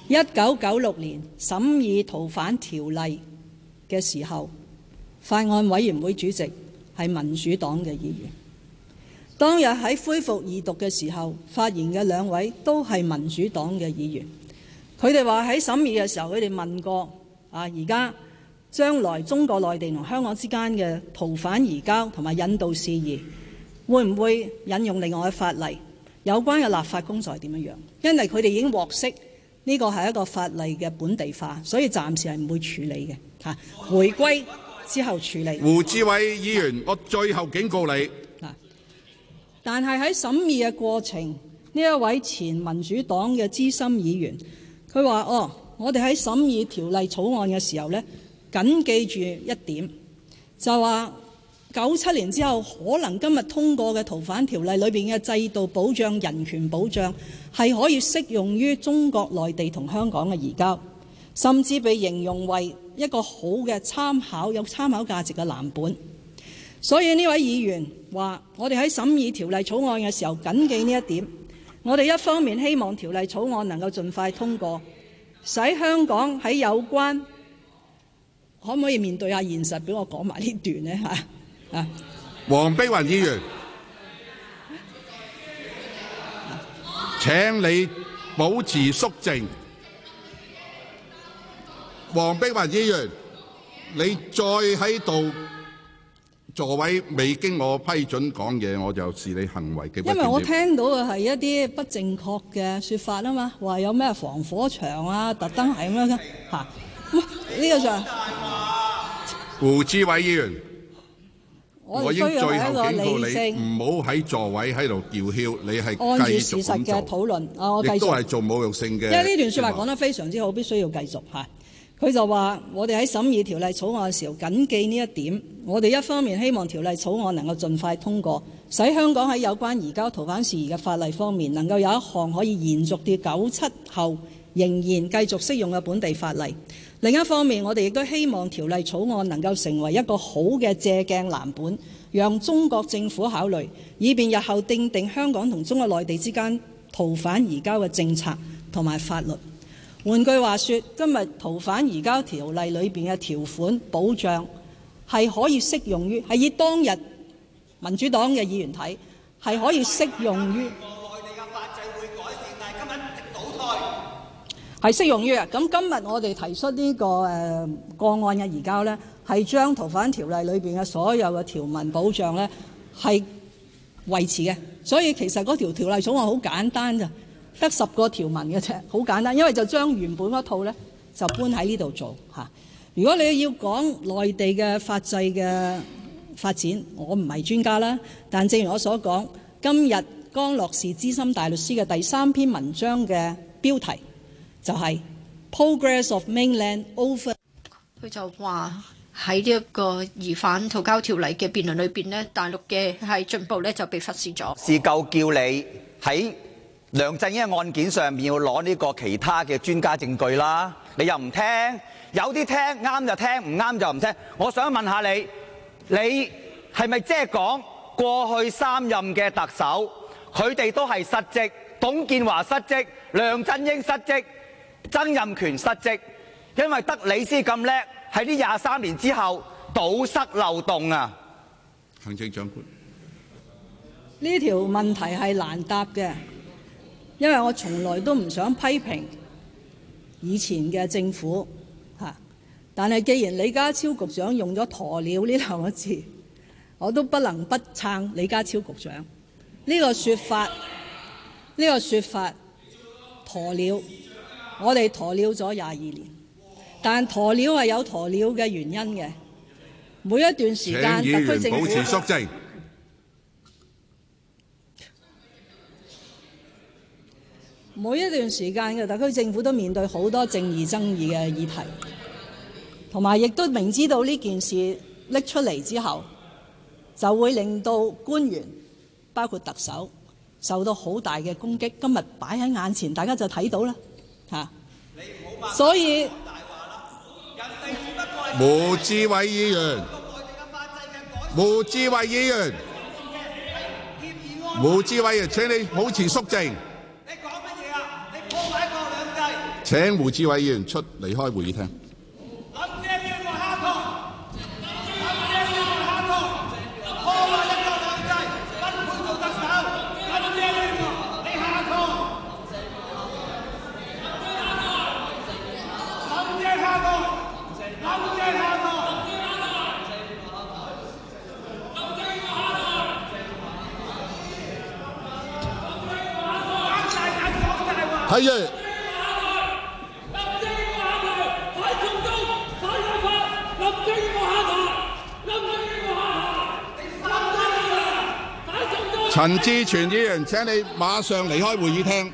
一九九六年審議逃犯條例嘅時候，法案委員會主席係民主黨嘅議員。當日喺恢復二讀嘅時候，發言嘅兩位都係民主黨嘅議員。佢哋話喺審議嘅時候，佢哋問過啊，而家將來中國內地同香港之間嘅逃犯移交同埋引渡事宜，會唔會引用另外嘅法例？有關嘅立法工作係點樣樣？因為佢哋已經獲悉呢個係一個法例嘅本地化，所以暫時係唔會處理嘅嚇。回歸之後處理。胡志偉議員，我最後警告你。但係喺審議嘅過程，呢一位前民主黨嘅資深議員，佢話：哦，我哋喺審議條例草案嘅時候呢，緊記住一點，就話九七年之後可能今日通過嘅逃犯條例裏面嘅制度保障、人權保障，係可以適用於中國內地同香港嘅移交，甚至被形容為一個好嘅參考、有參考價值嘅藍本。所以呢位議員話：我哋喺審議條例草案嘅時候，謹記呢一點。我哋一方面希望條例草案能夠盡快通過，使香港喺有關可唔可以面對下現實？俾我講埋呢段咧嚇啊，黃碧雲議員，請你保持肅靜。黃碧雲議員，你再喺度。座位未經我批准講嘢，我就視你行為嘅。因為我聽到嘅係一啲不正確嘅説法啊嘛，話有咩防火牆啊，特登係咁樣嘅嚇。哇！呢個就胡志偉議員，我已經最後警告你，唔好喺座位喺度叫囂，你係按住事實嘅討論，我繼續，亦都係做侮辱性嘅。因為呢段説話講得非常之好，必須要繼續嚇。佢就話：我哋喺審議條例草案嘅時候，謹記呢一點。我哋一方面希望條例草案能夠盡快通過，使香港喺有關移交逃犯事宜嘅法例方面，能夠有一項可以延續到九七後仍然繼續適用嘅本地法例。另一方面，我哋亦都希望條例草案能夠成為一個好嘅借鏡藍本，讓中國政府考慮，以便日後訂定香港同中國內地之間逃犯移交嘅政策同埋法律。換句話說，今日逃犯移交條例裏邊嘅條款保障係可以適用於，係以當日民主黨嘅議員睇係可以適用於。我內地嘅法制會改善，但係今日的倒退係適用於嘅。咁今日我哋提出呢、這個誒、呃、個案嘅移交呢，係將逃犯條例裏邊嘅所有嘅條文保障呢係維持嘅。所以其實嗰條條例草案好簡單㗎。得十個條文嘅啫，好簡單，因為就將原本嗰套呢，就搬喺呢度做嚇。如果你要講內地嘅法制嘅發展，我唔係專家啦。但正如我所講，今日江樂士資深大律師嘅第三篇文章嘅標題就係、是、Progress of Mainland Over，佢就話喺呢一個疑犯逃交條例嘅辯論裏邊呢，大陸嘅係進步呢就被忽視咗。事夠叫你喺。在梁振英案件上面要攞呢個其他嘅專家證據啦，你又唔聽，有啲聽啱就聽，唔啱就唔聽。我想問下你，你係咪即係講過去三任嘅特首，佢哋都係失職，董建華失職，梁振英失職，曾蔭權失職，因為得你先咁叻喺呢廿三年之後堵塞漏洞啊？行政長官呢條問題係難答嘅。因為我從來都唔想批評以前嘅政府嚇，但係既然李家超局長用咗鴕鳥呢兩個字，我都不能不撐李家超局長。呢個說法，呢個說法，鴕鳥，我哋鴕鳥咗廿二年，但鴕鳥係有鴕鳥嘅原因嘅，每一段時間特區政府。每一段時間嘅特區政府都面對好多正義爭議嘅議題，同埋亦都明知道呢件事拎出嚟之後，就會令到官員包括特首受到好大嘅攻擊。今日擺喺眼前，大家就睇到啦嚇。所以，胡志偉議員，胡志偉議員，胡志偉啊！請你保持肅靜。請胡志偉議員出離開會議廳。林鄭要下台，林鄭要下台，破壞一個良制，不管做特首，林鄭要你下台，林鄭下台，林鄭下台，林鄭要下台，林鄭要下台，林鄭要下台。係嘅。陳志全議員，請你馬上離開會議廳。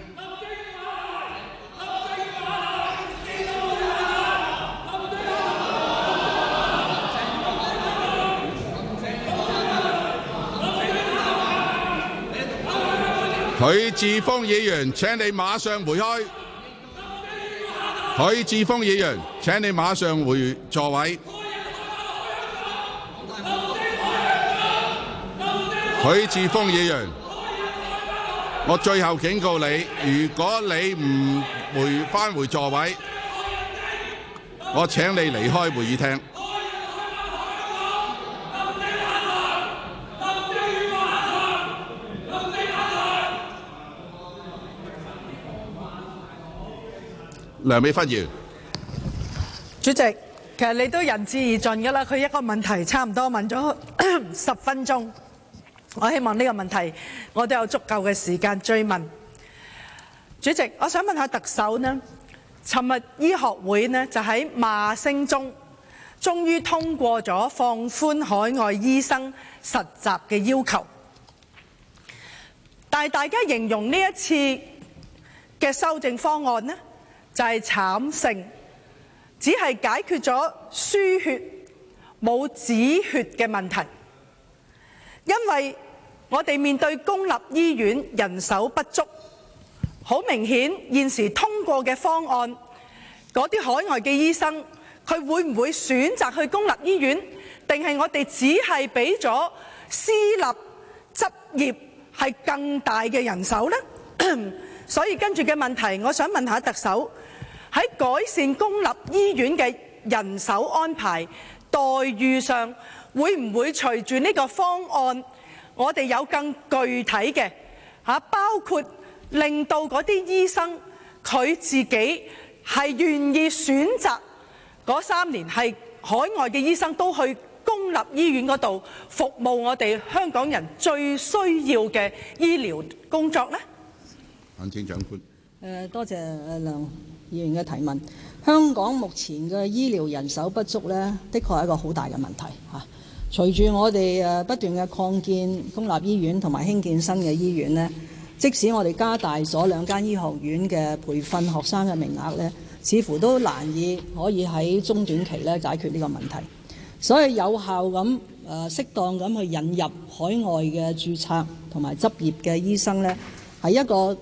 林許志峰議員，請你馬上回開。許志峰議，議員，請你馬上回座位。許智峰議員，我最後警告你，如果你唔回返回座位，我請你離開會議廳。梁美芬議員，主席，其實你都仁至義盡㗎啦。佢一個問題差唔多問咗十分鐘。我希望呢個問題，我都有足夠嘅時間追問主席。我想問下特首呢，尋日醫學會呢就喺罵聲中，終於通過咗放寬海外醫生實習嘅要求。但係大家形容呢一次嘅修正方案呢，就係慘勝，只係解決咗輸血冇止血嘅問題，因為，我哋面對公立醫院人手不足，好明顯現時通過嘅方案，嗰啲海外嘅醫生佢會唔會選擇去公立醫院？定係我哋只係俾咗私立執業係更大嘅人手呢？所以跟住嘅問題，我想問下特首喺改善公立醫院嘅人手安排待遇上，會唔會隨住呢個方案？我哋有更具體嘅包括令到嗰啲醫生佢自己係願意選擇嗰三年係海外嘅醫生都去公立醫院嗰度服務我哋香港人最需要嘅醫療工作咧。行政長官。誒，多謝阿梁議員嘅提問，香港目前嘅醫療人手不足咧，的確係一個好大嘅問題吓。隨住我哋誒不斷嘅擴建公立醫院同埋興建新嘅醫院咧，即使我哋加大咗兩間醫學院嘅培訓學生嘅名額咧，似乎都難以可以喺中短期咧解決呢個問題。所以有效咁誒、呃、適當咁去引入海外嘅註冊同埋執業嘅醫生咧，係一個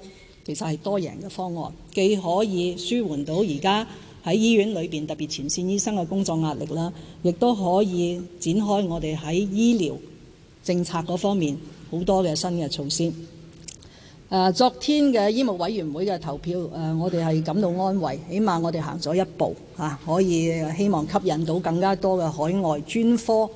其實係多贏嘅方案，既可以舒緩到而家，喺醫院裏面，特別前線醫生嘅工作壓力啦，亦都可以展開我哋喺醫療政策嗰方面好多嘅新嘅措施。呃、昨天嘅醫務委員會嘅投票，呃、我哋係感到安慰，起碼我哋行咗一步、啊、可以希望吸引到更加多嘅海外專科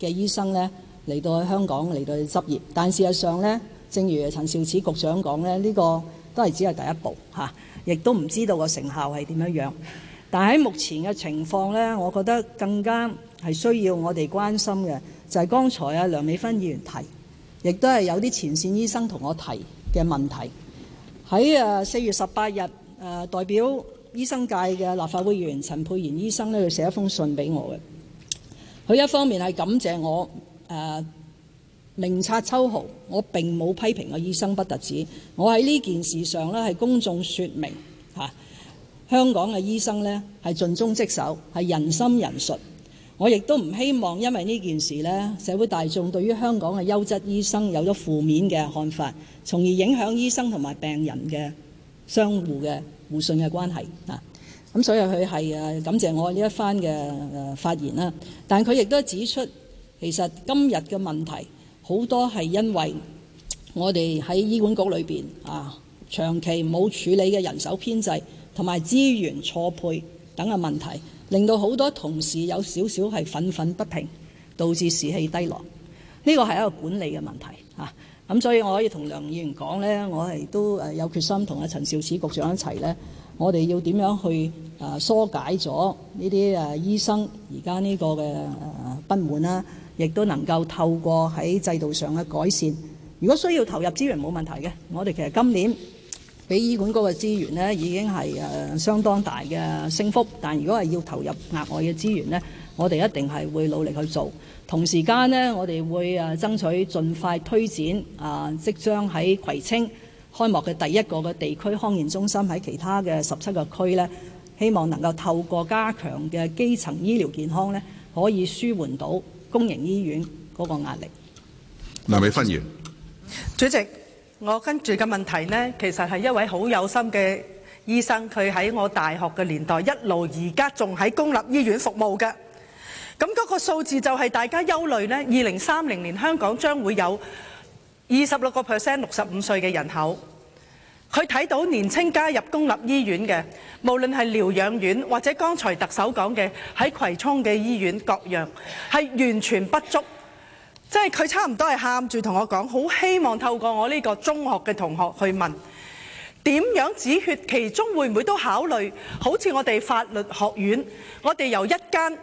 嘅醫生呢嚟到香港嚟到去執業。但事實上呢，正如陳肇始局長講呢，呢、呢個都係只係第一步嚇，亦、啊、都唔知道個成效係點樣樣。但喺目前嘅情況呢，我覺得更加係需要我哋關心嘅，就係、是、剛才啊梁美芬議員提，亦都係有啲前線醫生同我提嘅問題。喺啊四月十八日，誒、呃、代表醫生界嘅立法會議員陳沛然醫生呢，佢寫一封信俾我嘅。佢一方面係感謝我誒、呃、明察秋毫，我並冇批評啊醫生不特止，我喺呢件事上呢，係公眾説明吓。香港嘅醫生呢，係盡忠職守，係仁心仁術。我亦都唔希望，因為呢件事呢，社會大眾對於香港嘅優質醫生有咗負面嘅看法，從而影響醫生同埋病人嘅相互嘅互信嘅關係啊。咁所以佢係誒感謝我呢一番嘅誒發言啦。但佢亦都指出，其實今日嘅問題好多係因為我哋喺醫管局裏邊啊長期冇處理嘅人手編制。同埋資源錯配等嘅問題，令到好多同事有少少係憤憤不平，導致士氣低落。呢個係一個管理嘅問題嚇。咁所以我可以同梁議員講呢，我係都誒有決心同阿陳肇始局長一齊呢，我哋要點樣去誒疏解咗呢啲誒醫生而家呢個嘅不滿啦，亦都能夠透過喺制度上嘅改善。如果需要投入資源，冇問題嘅，我哋其實今年。俾醫管局嗰個資源呢，已經係誒相當大嘅升幅。但如果係要投入額外嘅資源呢，我哋一定係會努力去做。同時間呢，我哋會誒爭取盡快推展啊，即將喺葵青開幕嘅第一個嘅地區康健中心，喺其他嘅十七個區呢，希望能夠透過加強嘅基層醫療健康呢，可以舒緩到公營醫院嗰個壓力。梁美芬議員，主席。我跟住嘅問題呢，其實係一位好有心嘅醫生，佢喺我大學嘅年代一路，而家仲喺公立醫院服務嘅。咁嗰個數字就係大家憂慮呢，二零三零年香港將會有二十六個 percent 六十五歲嘅人口。佢睇到年輕加入公立醫院嘅，無論係療養院或者剛才特首講嘅喺葵涌嘅醫院各樣，係完全不足。即係佢差唔多係喊住同我講，好希望透過我呢個中學嘅同學去問點樣止血，其中會唔會都考慮？好似我哋法律學院，我哋由一間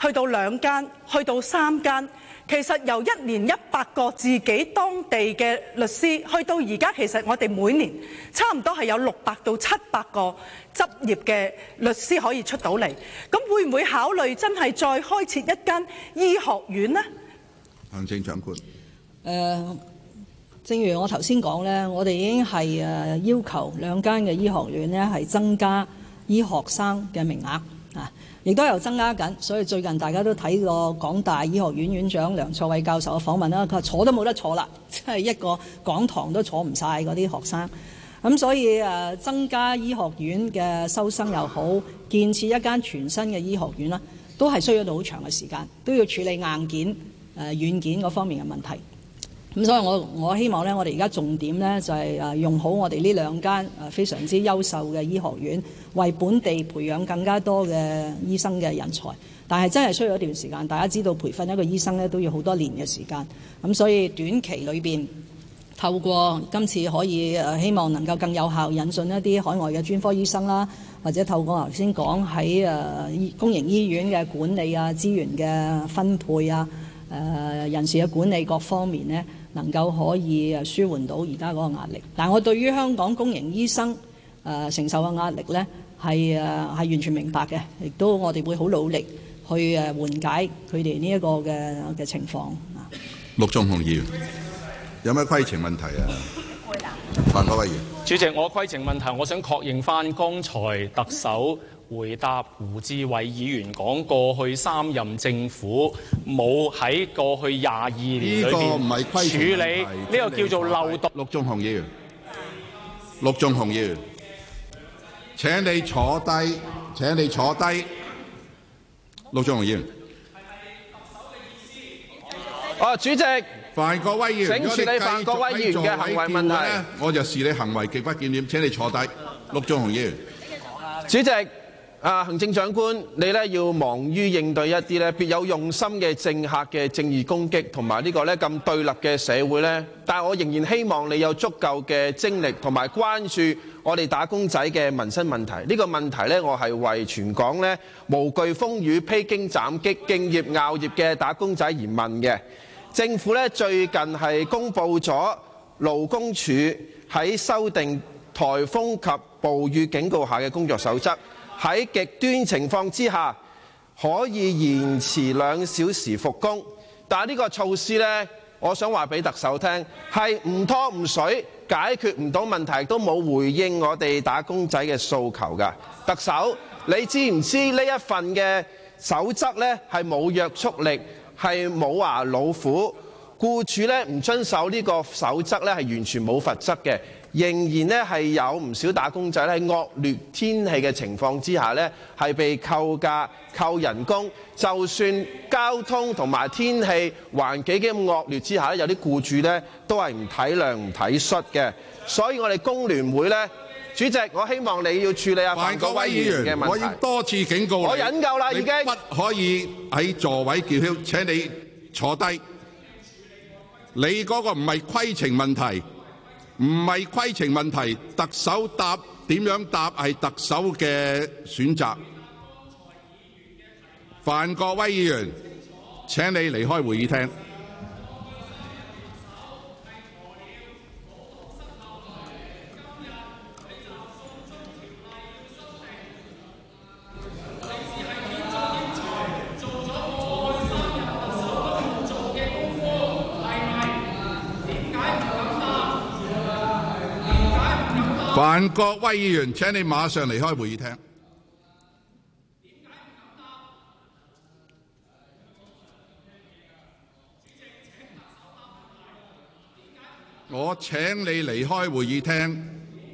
去到兩間，去到三間，其實由一年一百個自己當地嘅律師，去到而家其實我哋每年差唔多係有六百到七百個執業嘅律師可以出到嚟。咁會唔會考慮真係再開設一間醫學院呢？行政長官誒，正如我頭先講呢，我哋已經係誒要求兩間嘅醫學院呢，係增加醫學生嘅名額啊，亦都有增加緊。所以最近大家都睇過港大醫學院院長梁卓偉教授嘅訪問啦，佢話坐都冇得坐啦，即係一個講堂都坐唔晒嗰啲學生。咁所以誒，增加醫學院嘅收生又好，建設一間全新嘅醫學院啦，都係需要到好長嘅時間，都要處理硬件。誒、呃、軟件嗰方面嘅問題，咁所以我我希望呢，我哋而家重點呢，就係、是、用好我哋呢兩間非常之優秀嘅醫學院，為本地培養更加多嘅醫生嘅人才。但係真係需要一段時間，大家知道培訓一個醫生呢都要好多年嘅時間。咁所以短期裏邊，透過今次可以，希望能夠更有效引進一啲海外嘅專科醫生啦，或者透過頭先講喺公營醫院嘅管理啊、資源嘅分配啊。誒、呃、人事嘅管理各方面呢，能夠可以誒舒緩到而家嗰個壓力。但，我對於香港公營醫生誒、呃、承受嘅壓力呢，係誒係完全明白嘅，亦都我哋會好努力去誒緩解佢哋呢一個嘅嘅情況。陸頌雄議員，有咩規程問題啊？ 范國威議員，主席，我規程問題，我想確認翻剛才特首，回答胡志偉議員講：過去三任政府冇喺過去廿二年裏邊處理呢個唔係規程問題，呢個叫做漏讀。陸仲雄議員。陸仲雄議員，請你坐低。請你坐低。陸仲雄議員。哦、啊，主席。范國威議員。請處理范國威議員嘅行為問題。我就視你行為極不檢點。請你坐低。陸仲雄議員。主席。啊！行政長官，你咧要忙於應對一啲咧別有用心嘅政客嘅政治攻擊，同埋呢個咧咁對立嘅社會咧。但係我仍然希望你有足夠嘅精力同埋關注我哋打工仔嘅民生問題。呢個問題咧，我係為全港咧無懼風雨、披荊斬棘、敬業熬業嘅打工仔而問嘅。政府咧最近係公布咗勞工處喺修訂颱風及暴雨警告下嘅工作守則。喺極端情況之下，可以延遲兩小時復工，但係呢個措施呢，我想話俾特首聽，係唔拖唔水，解決唔到問題，都冇回應我哋打工仔嘅訴求㗎。特首，你知唔知呢一份嘅守則呢？係冇約束力，係冇牙老虎，僱主呢，唔遵守呢個守則呢，係完全冇罰則嘅。仍然呢係有唔少打工仔喺惡劣天氣嘅情況之下呢，係被扣價、扣人工。就算交通同埋天氣環境嘅惡劣之下，有啲僱主呢都係唔體諒、唔體恤嘅。所以我哋工聯會呢，主席，我希望你要處理下各位議員嘅問題。我已經多次警告你，我忍夠啦，已經。你不可以喺座位叫囂，請你坐低。你嗰個唔係規程問題。唔係規程問題，特首答點樣答係特首嘅選擇。范國威議員，請你離開會議廳。范國威議員，請你馬上離開會議廳。我請你離開會議廳，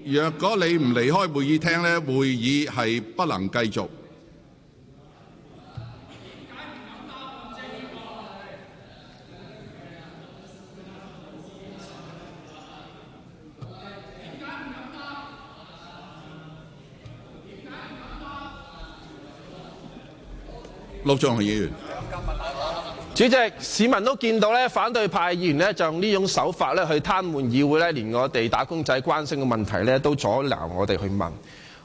若果你唔離開會議廳呢，會議係不能繼續。陸頌雄議員。主席，市民都見到咧，反對派議員咧就用呢種手法咧去癱瘓議會咧，連我哋打工仔關心嘅問題咧都阻攔我哋去問。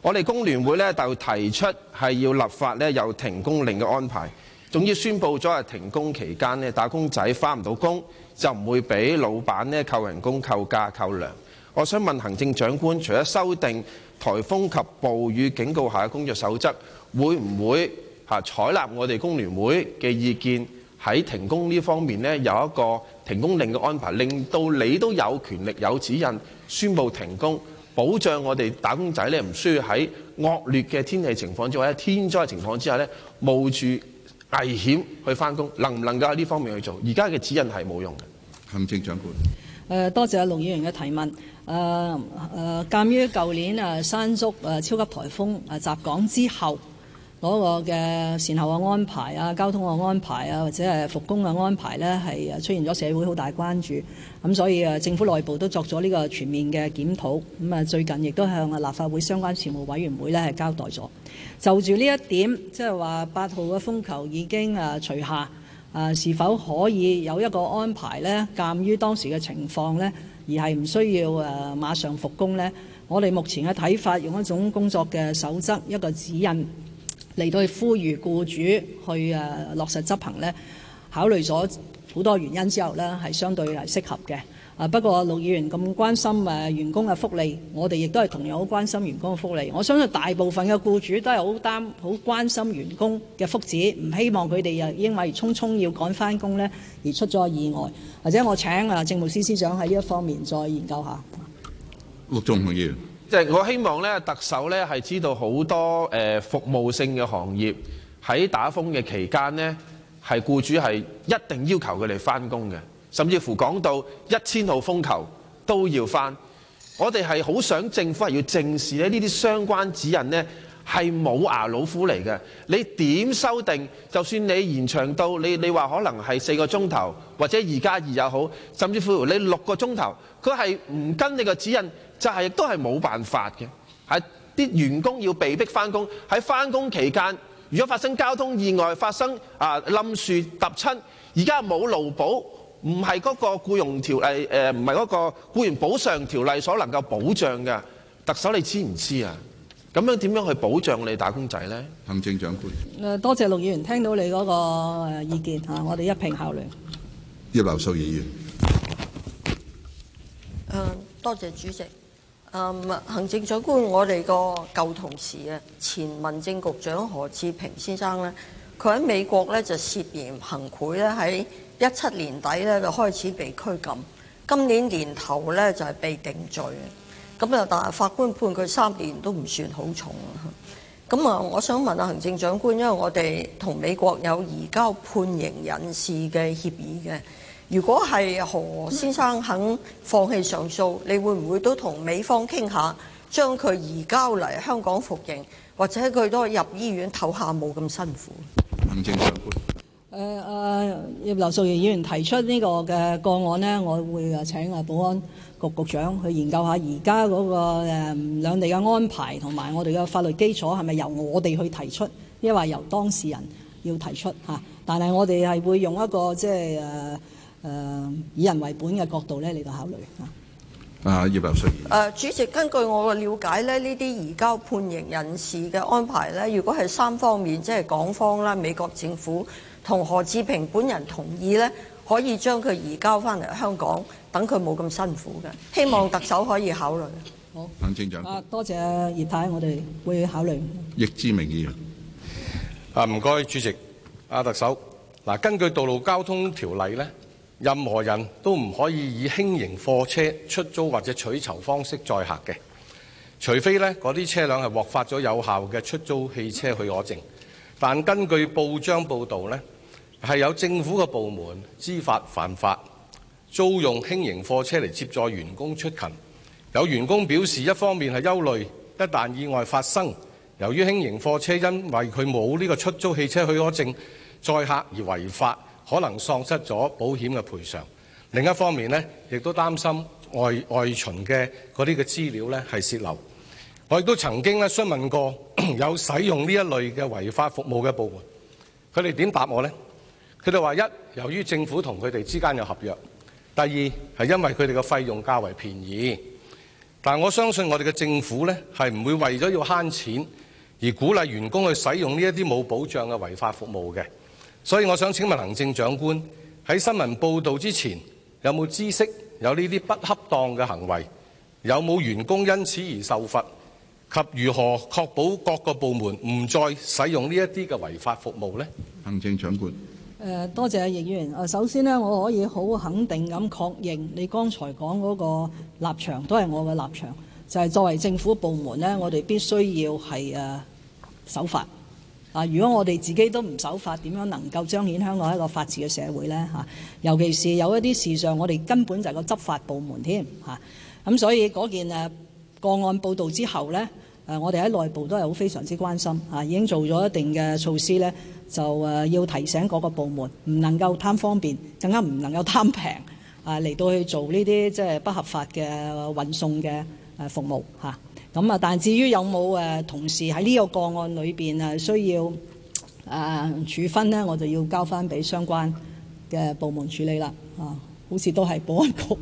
我哋工聯會咧就提出係要立法咧，有停工令嘅安排，仲要宣布咗係停工期間咧，打工仔返唔到工就唔會俾老闆咧扣人工、扣價、扣糧。我想問行政長官，除咗修訂颱風及暴雨警告下嘅工作守則，會唔會？啊！採納我哋工聯會嘅意見喺停工呢方面咧，有一個停工令嘅安排，令到你都有權力有指引宣布停工，保障我哋打工仔咧唔需要喺惡劣嘅天氣情況之下、天災情況之下咧冒住危險去翻工，能唔能夠喺呢方面去做？而家嘅指引係冇用嘅。行政長官，誒多謝阿龍議員嘅提問。誒誒，鑑於舊年啊山竹誒超級颱風啊襲港之後。嗰個嘅善後嘅安排啊，交通嘅安排啊，或者係復工嘅安排咧，係出現咗社會好大關注。咁所以誒，政府內部都作咗呢個全面嘅檢討。咁啊，最近亦都向立法會相關事務委員會呢係交代咗。就住呢一點，即係話八號嘅風球已經誒除下，啊是否可以有一個安排呢？鑑於當時嘅情況呢，而係唔需要誒馬上復工呢？我哋目前嘅睇法，用一種工作嘅守則一個指引。嚟到去呼籲僱主去誒落實執行咧，考慮咗好多原因之後呢，係相對嚟適合嘅。啊，不過陸議員咁關心誒員工嘅福利，我哋亦都係同樣好關心員工嘅福利。我相信大部分嘅僱主都係好擔好關心員工嘅福祉，唔希望佢哋又因為匆匆要趕翻工咧而出咗意外。或者我請啊政務司司長喺呢一方面再研究下。陸頌雄議員。我希望咧，特首咧係知道好多誒服務性嘅行業喺打風嘅期間呢係僱主係一定要求佢哋返工嘅，甚至乎講到一千號風球都要返。我哋係好想政府係要正視咧呢啲相關指引呢係冇牙老虎嚟嘅。你點修訂？就算你延長到你你話可能係四個鐘頭，或者二加二又好，甚至乎你六個鐘頭，佢係唔跟你個指引。就係亦都係冇辦法嘅。係啲員工要被逼翻工，喺翻工期間，如果發生交通意外、發生啊冧樹、揼、呃、親，而家冇勞保，唔係嗰個僱用條例誒，唔係嗰個僱員補償條例所能夠保障嘅。特首你知唔知啊？咁樣點樣去保障我哋打工仔呢？行政長官、呃、多謝陸議員，聽到你嗰個意見嚇，我哋一併考慮。葉劉淑儀議員、呃、多謝主席。誒，行政長官，我哋個舊同事啊，前民政局長何志平先生咧，佢喺美國咧就涉嫌行賄咧，喺一七年底咧就開始被拘禁，今年年頭咧就係被定罪，咁就但係法官判佢三年都唔算好重咁啊，我想問下行政長官，因為我哋同美國有移交判刑人士嘅協議嘅。如果係何先生肯放棄上訴，嗯、你會唔會都同美方傾下，將佢移交嚟香港服刑，或者佢都入醫院唞下，冇咁辛苦？行政長官？誒誒，葉劉淑儀議員提出呢個嘅個案呢，我會誒請誒保安局局長去研究下而家嗰個誒、嗯、兩地嘅安排同埋我哋嘅法律基礎，係咪由我哋去提出，亦或由當事人要提出嚇、啊？但係我哋係會用一個即係誒。就是誒以人為本嘅角度咧，嚟到考慮嚇。啊，葉劉淑儀、啊、主席，根據我嘅了解咧，呢啲移交判刑人士嘅安排咧，如果係三方面，即係港方啦、美國政府同何志平本人同意咧，可以將佢移交翻嚟香港，等佢冇咁辛苦嘅。希望特首可以考慮。嗯、好，行政長官。啊，多謝啊，葉太，我哋會考慮。易志明議員。啊，唔該，主席。阿特首，嗱、啊，根據道路交通條例咧。任何人都唔可以以輕型貨車出租或者取酬方式載客嘅，除非咧嗰啲車輛係獲發咗有效嘅出租汽車許可證。但根據報章報導呢，係有政府嘅部門知法犯法，租用輕型貨車嚟接載員工出勤。有員工表示，一方面係憂慮，一旦意外發生，由於輕型貨車因為佢冇呢個出租汽車許可證載客而違法。可能喪失咗保險嘅賠償，另一方面呢，亦都擔心外外巡嘅嗰啲嘅資料呢係洩漏。我亦都曾經咧詢問過有使用呢一類嘅違法服務嘅部門，佢哋點答我呢？佢哋話一，由於政府同佢哋之間有合約；第二係因為佢哋嘅費用較為便宜。但我相信我哋嘅政府呢，係唔會為咗要慳錢而鼓勵員工去使用呢一啲冇保障嘅違法服務嘅。所以我想請問行政長官，喺新聞報導之前有冇有知識有呢啲不恰當嘅行為？有冇有員工因此而受罰？及如何確保各個部門唔再使用呢一啲嘅違法服務呢？行政長官，呃、多謝議員。首先呢，我可以好肯定咁確認你剛才講嗰個立場都係我嘅立場，就係、是、作為政府部門呢，我哋必須要係、啊、守法。啊！如果我哋自己都唔守法，點樣能夠彰顯香港一個法治嘅社會呢、啊？尤其是有一啲事上，我哋根本就係個執法部門添咁、啊啊、所以嗰件誒、啊、個案報道之後呢，啊、我哋喺內部都係好非常之關心、啊、已經做咗一定嘅措施呢，就、啊、要提醒嗰個部門唔能夠貪方便，更加唔能夠貪平啊嚟到去做呢啲即係不合法嘅運送嘅服務、啊。咁啊！但至於有冇誒同事喺呢個個案裏邊啊，需要誒處分咧，我就要交翻俾相關嘅部門處理啦。啊，好似都係保安局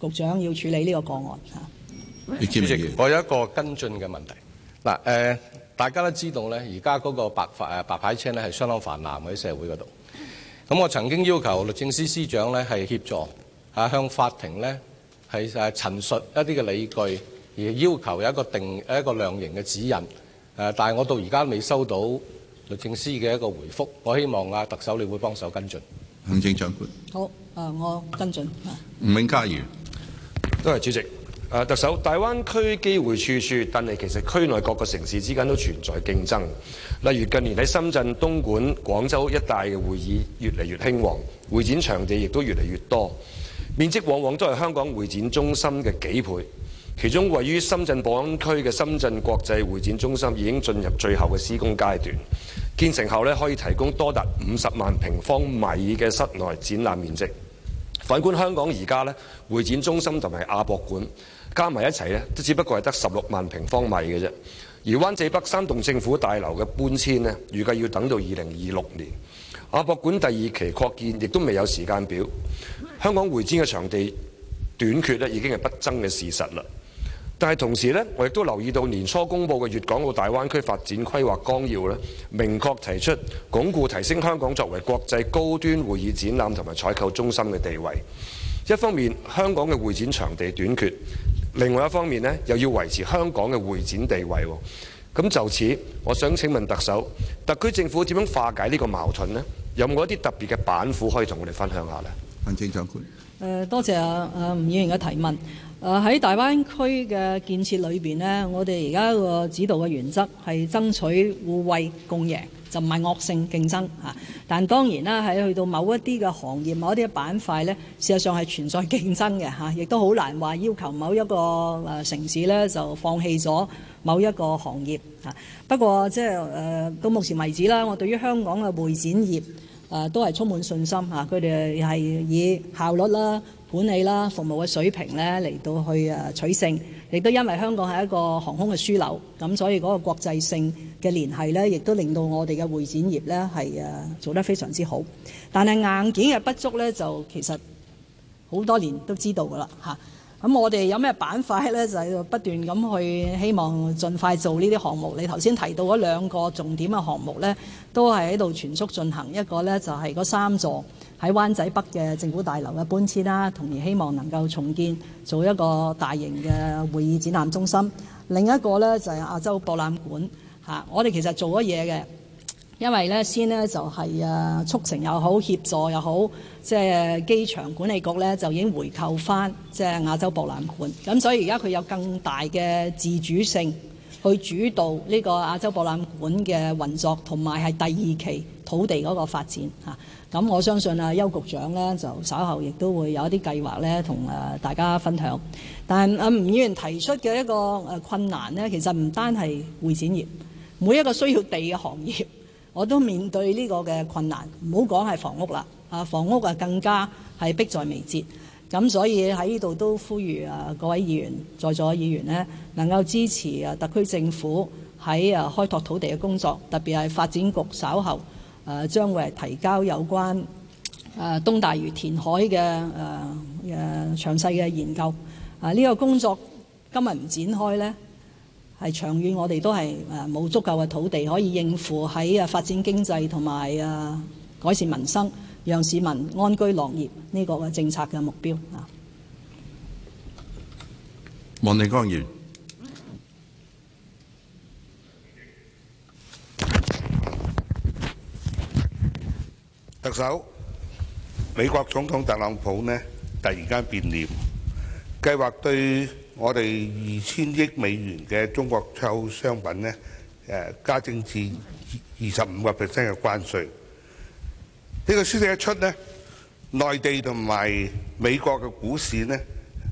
局長要處理呢個個案嚇。主席，我有一個跟進嘅問題。嗱、呃、誒，大家都知道咧，而家嗰個白牌誒白牌車咧係相當泛濫嘅喺社會嗰度。咁我曾經要求律政司司長咧係協助啊，向法庭咧係誒陳述一啲嘅理據。而要求有一個定一個量刑嘅指引，誒、啊，但係我到而家未收到律政司嘅一個回覆。我希望啊，特首你會幫手跟進。行政長官。好，誒，我跟進啊，吳永嘉議員。多謝主席。誒，特首，大灣區機會處處，但係其實區內各個城市之間都存在競爭。例如近年喺深圳、東莞、廣州一帶嘅會議越嚟越興旺，會展場地亦都越嚟越多，面積往往都係香港會展中心嘅幾倍。其中位於深圳寶安區嘅深圳國際會展中心已經進入最後嘅施工階段，建成後呢，可以提供多達五十萬平方米嘅室內展覽面積。反觀香港而家呢，會展中心同埋亞博館加埋一齊呢，都只不過係得十六萬平方米嘅啫。而灣仔北三棟政府大樓嘅搬遷呢，預計要等到二零二六年。亞博館第二期擴建亦都未有時間表。香港會展嘅場地短缺呢，已經係不爭嘅事實啦。但係同時咧，我亦都留意到年初公佈嘅《粵港澳大灣區發展規劃綱要》咧，明確提出鞏固提升香港作為國際高端會議展覽同埋採購中心嘅地位。一方面，香港嘅會展場地短缺；另外一方面呢，又要維持香港嘅會展地位。咁就此，我想請問特首，特區政府點樣化解呢個矛盾呢？有冇一啲特別嘅板斧可以同我哋分享下呢？行政長官，呃，多謝啊啊吳議員嘅提問。誒喺大灣區嘅建設裏邊呢，我哋而家個指導嘅原則係爭取互惠共贏，就唔係惡性競爭嚇。但當然啦，喺去到某一啲嘅行業、某一啲嘅板塊呢，事實上係存在競爭嘅嚇，亦都好難話要求某一個誒城市呢就放棄咗某一個行業嚇。不過即係誒，到目前為止啦，我對於香港嘅會展業誒都係充滿信心嚇，佢哋係以效率啦。管理啦，服務嘅水平呢，嚟到去取勝，亦都因為香港係一個航空嘅樞紐，咁所以嗰個國際性嘅聯繫呢，亦都令到我哋嘅會展業呢，係做得非常之好。但係硬件嘅不足呢，就其實好多年都知道噶啦吓。咁我哋有咩板塊呢？就喺度不斷咁去希望盡快做呢啲項目。你頭先提到嗰兩個重點嘅項目呢，都係喺度全速進行。一個呢，就係嗰三座。喺灣仔北嘅政府大樓嘅搬遷啦，同埋希望能夠重建做一個大型嘅會議展覽中心。另一個呢，就係亞洲博覽館吓，我哋其實做咗嘢嘅，因為呢，先呢就係啊促成又好協助又好，即係機場管理局呢，就已經回購返即係亞洲博覽館，咁所以而家佢有更大嘅自主性去主導呢個亞洲博覽館嘅運作，同埋係第二期土地嗰個發展吓。咁我相信啊，邱局長呢，就稍後亦都會有一啲計劃呢同大家分享。但阿吳議員提出嘅一個困難呢，其實唔單係會展業，每一個需要地嘅行業，我都面對呢個嘅困難。唔好講係房屋啦，啊房屋啊更加係迫在眉睫。咁所以喺呢度都呼籲各位議員在座議員呢，能夠支持特區政府喺誒開拓土地嘅工作，特別係發展局稍後。誒將會係提交有關誒東大嶼填海嘅誒嘅詳細嘅研究。啊，呢個工作今日唔展開咧，係長遠我哋都係誒冇足夠嘅土地可以應付喺啊發展經濟同埋啊改善民生，讓市民安居樂業呢個嘅政策嘅目標啊。黃定光議特首，美國總統特朗普呢突然間變臉，計劃對我哋二千億美元嘅中國出口商品呢，誒加徵至二二十五個 percent 嘅關稅。呢個消息一出呢，內地同埋美國嘅股市呢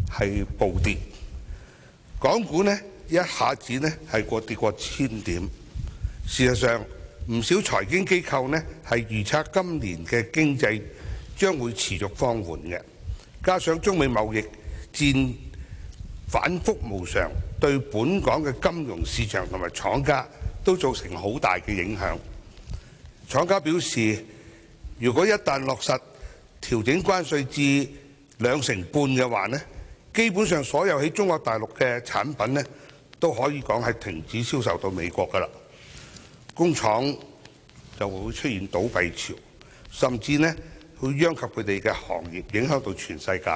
係暴跌，港股呢一下子呢係過跌過千點。事實上，唔少財經機構呢係預測今年嘅經濟將會持續放緩嘅，加上中美貿易戰反覆無常，對本港嘅金融市場同埋廠家都造成好大嘅影響。廠家表示，如果一旦落實調整關稅至兩成半嘅話呢，基本上所有喺中國大陸嘅產品呢都可以講係停止銷售到美國㗎啦。工廠就會出現倒閉潮，甚至呢會殃及佢哋嘅行業，影響到全世界。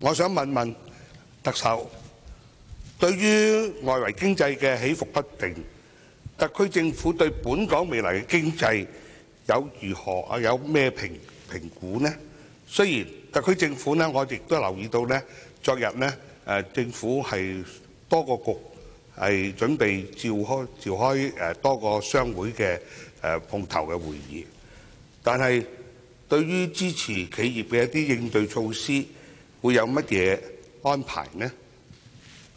我想問問特首，對於外圍經濟嘅起伏不定，特區政府對本港未來嘅經濟有如何啊？有咩評評估呢？雖然特區政府呢，我亦都留意到呢，昨日呢誒政府係多個局。係準備召開召開誒多個商會嘅誒碰頭嘅會議，但係對於支持企業嘅一啲應對措施，會有乜嘢安排呢？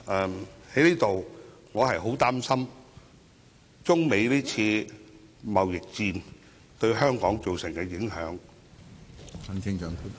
誒喺呢度，我係好擔心中美呢次貿易戰對香港造成嘅影響。行政長官。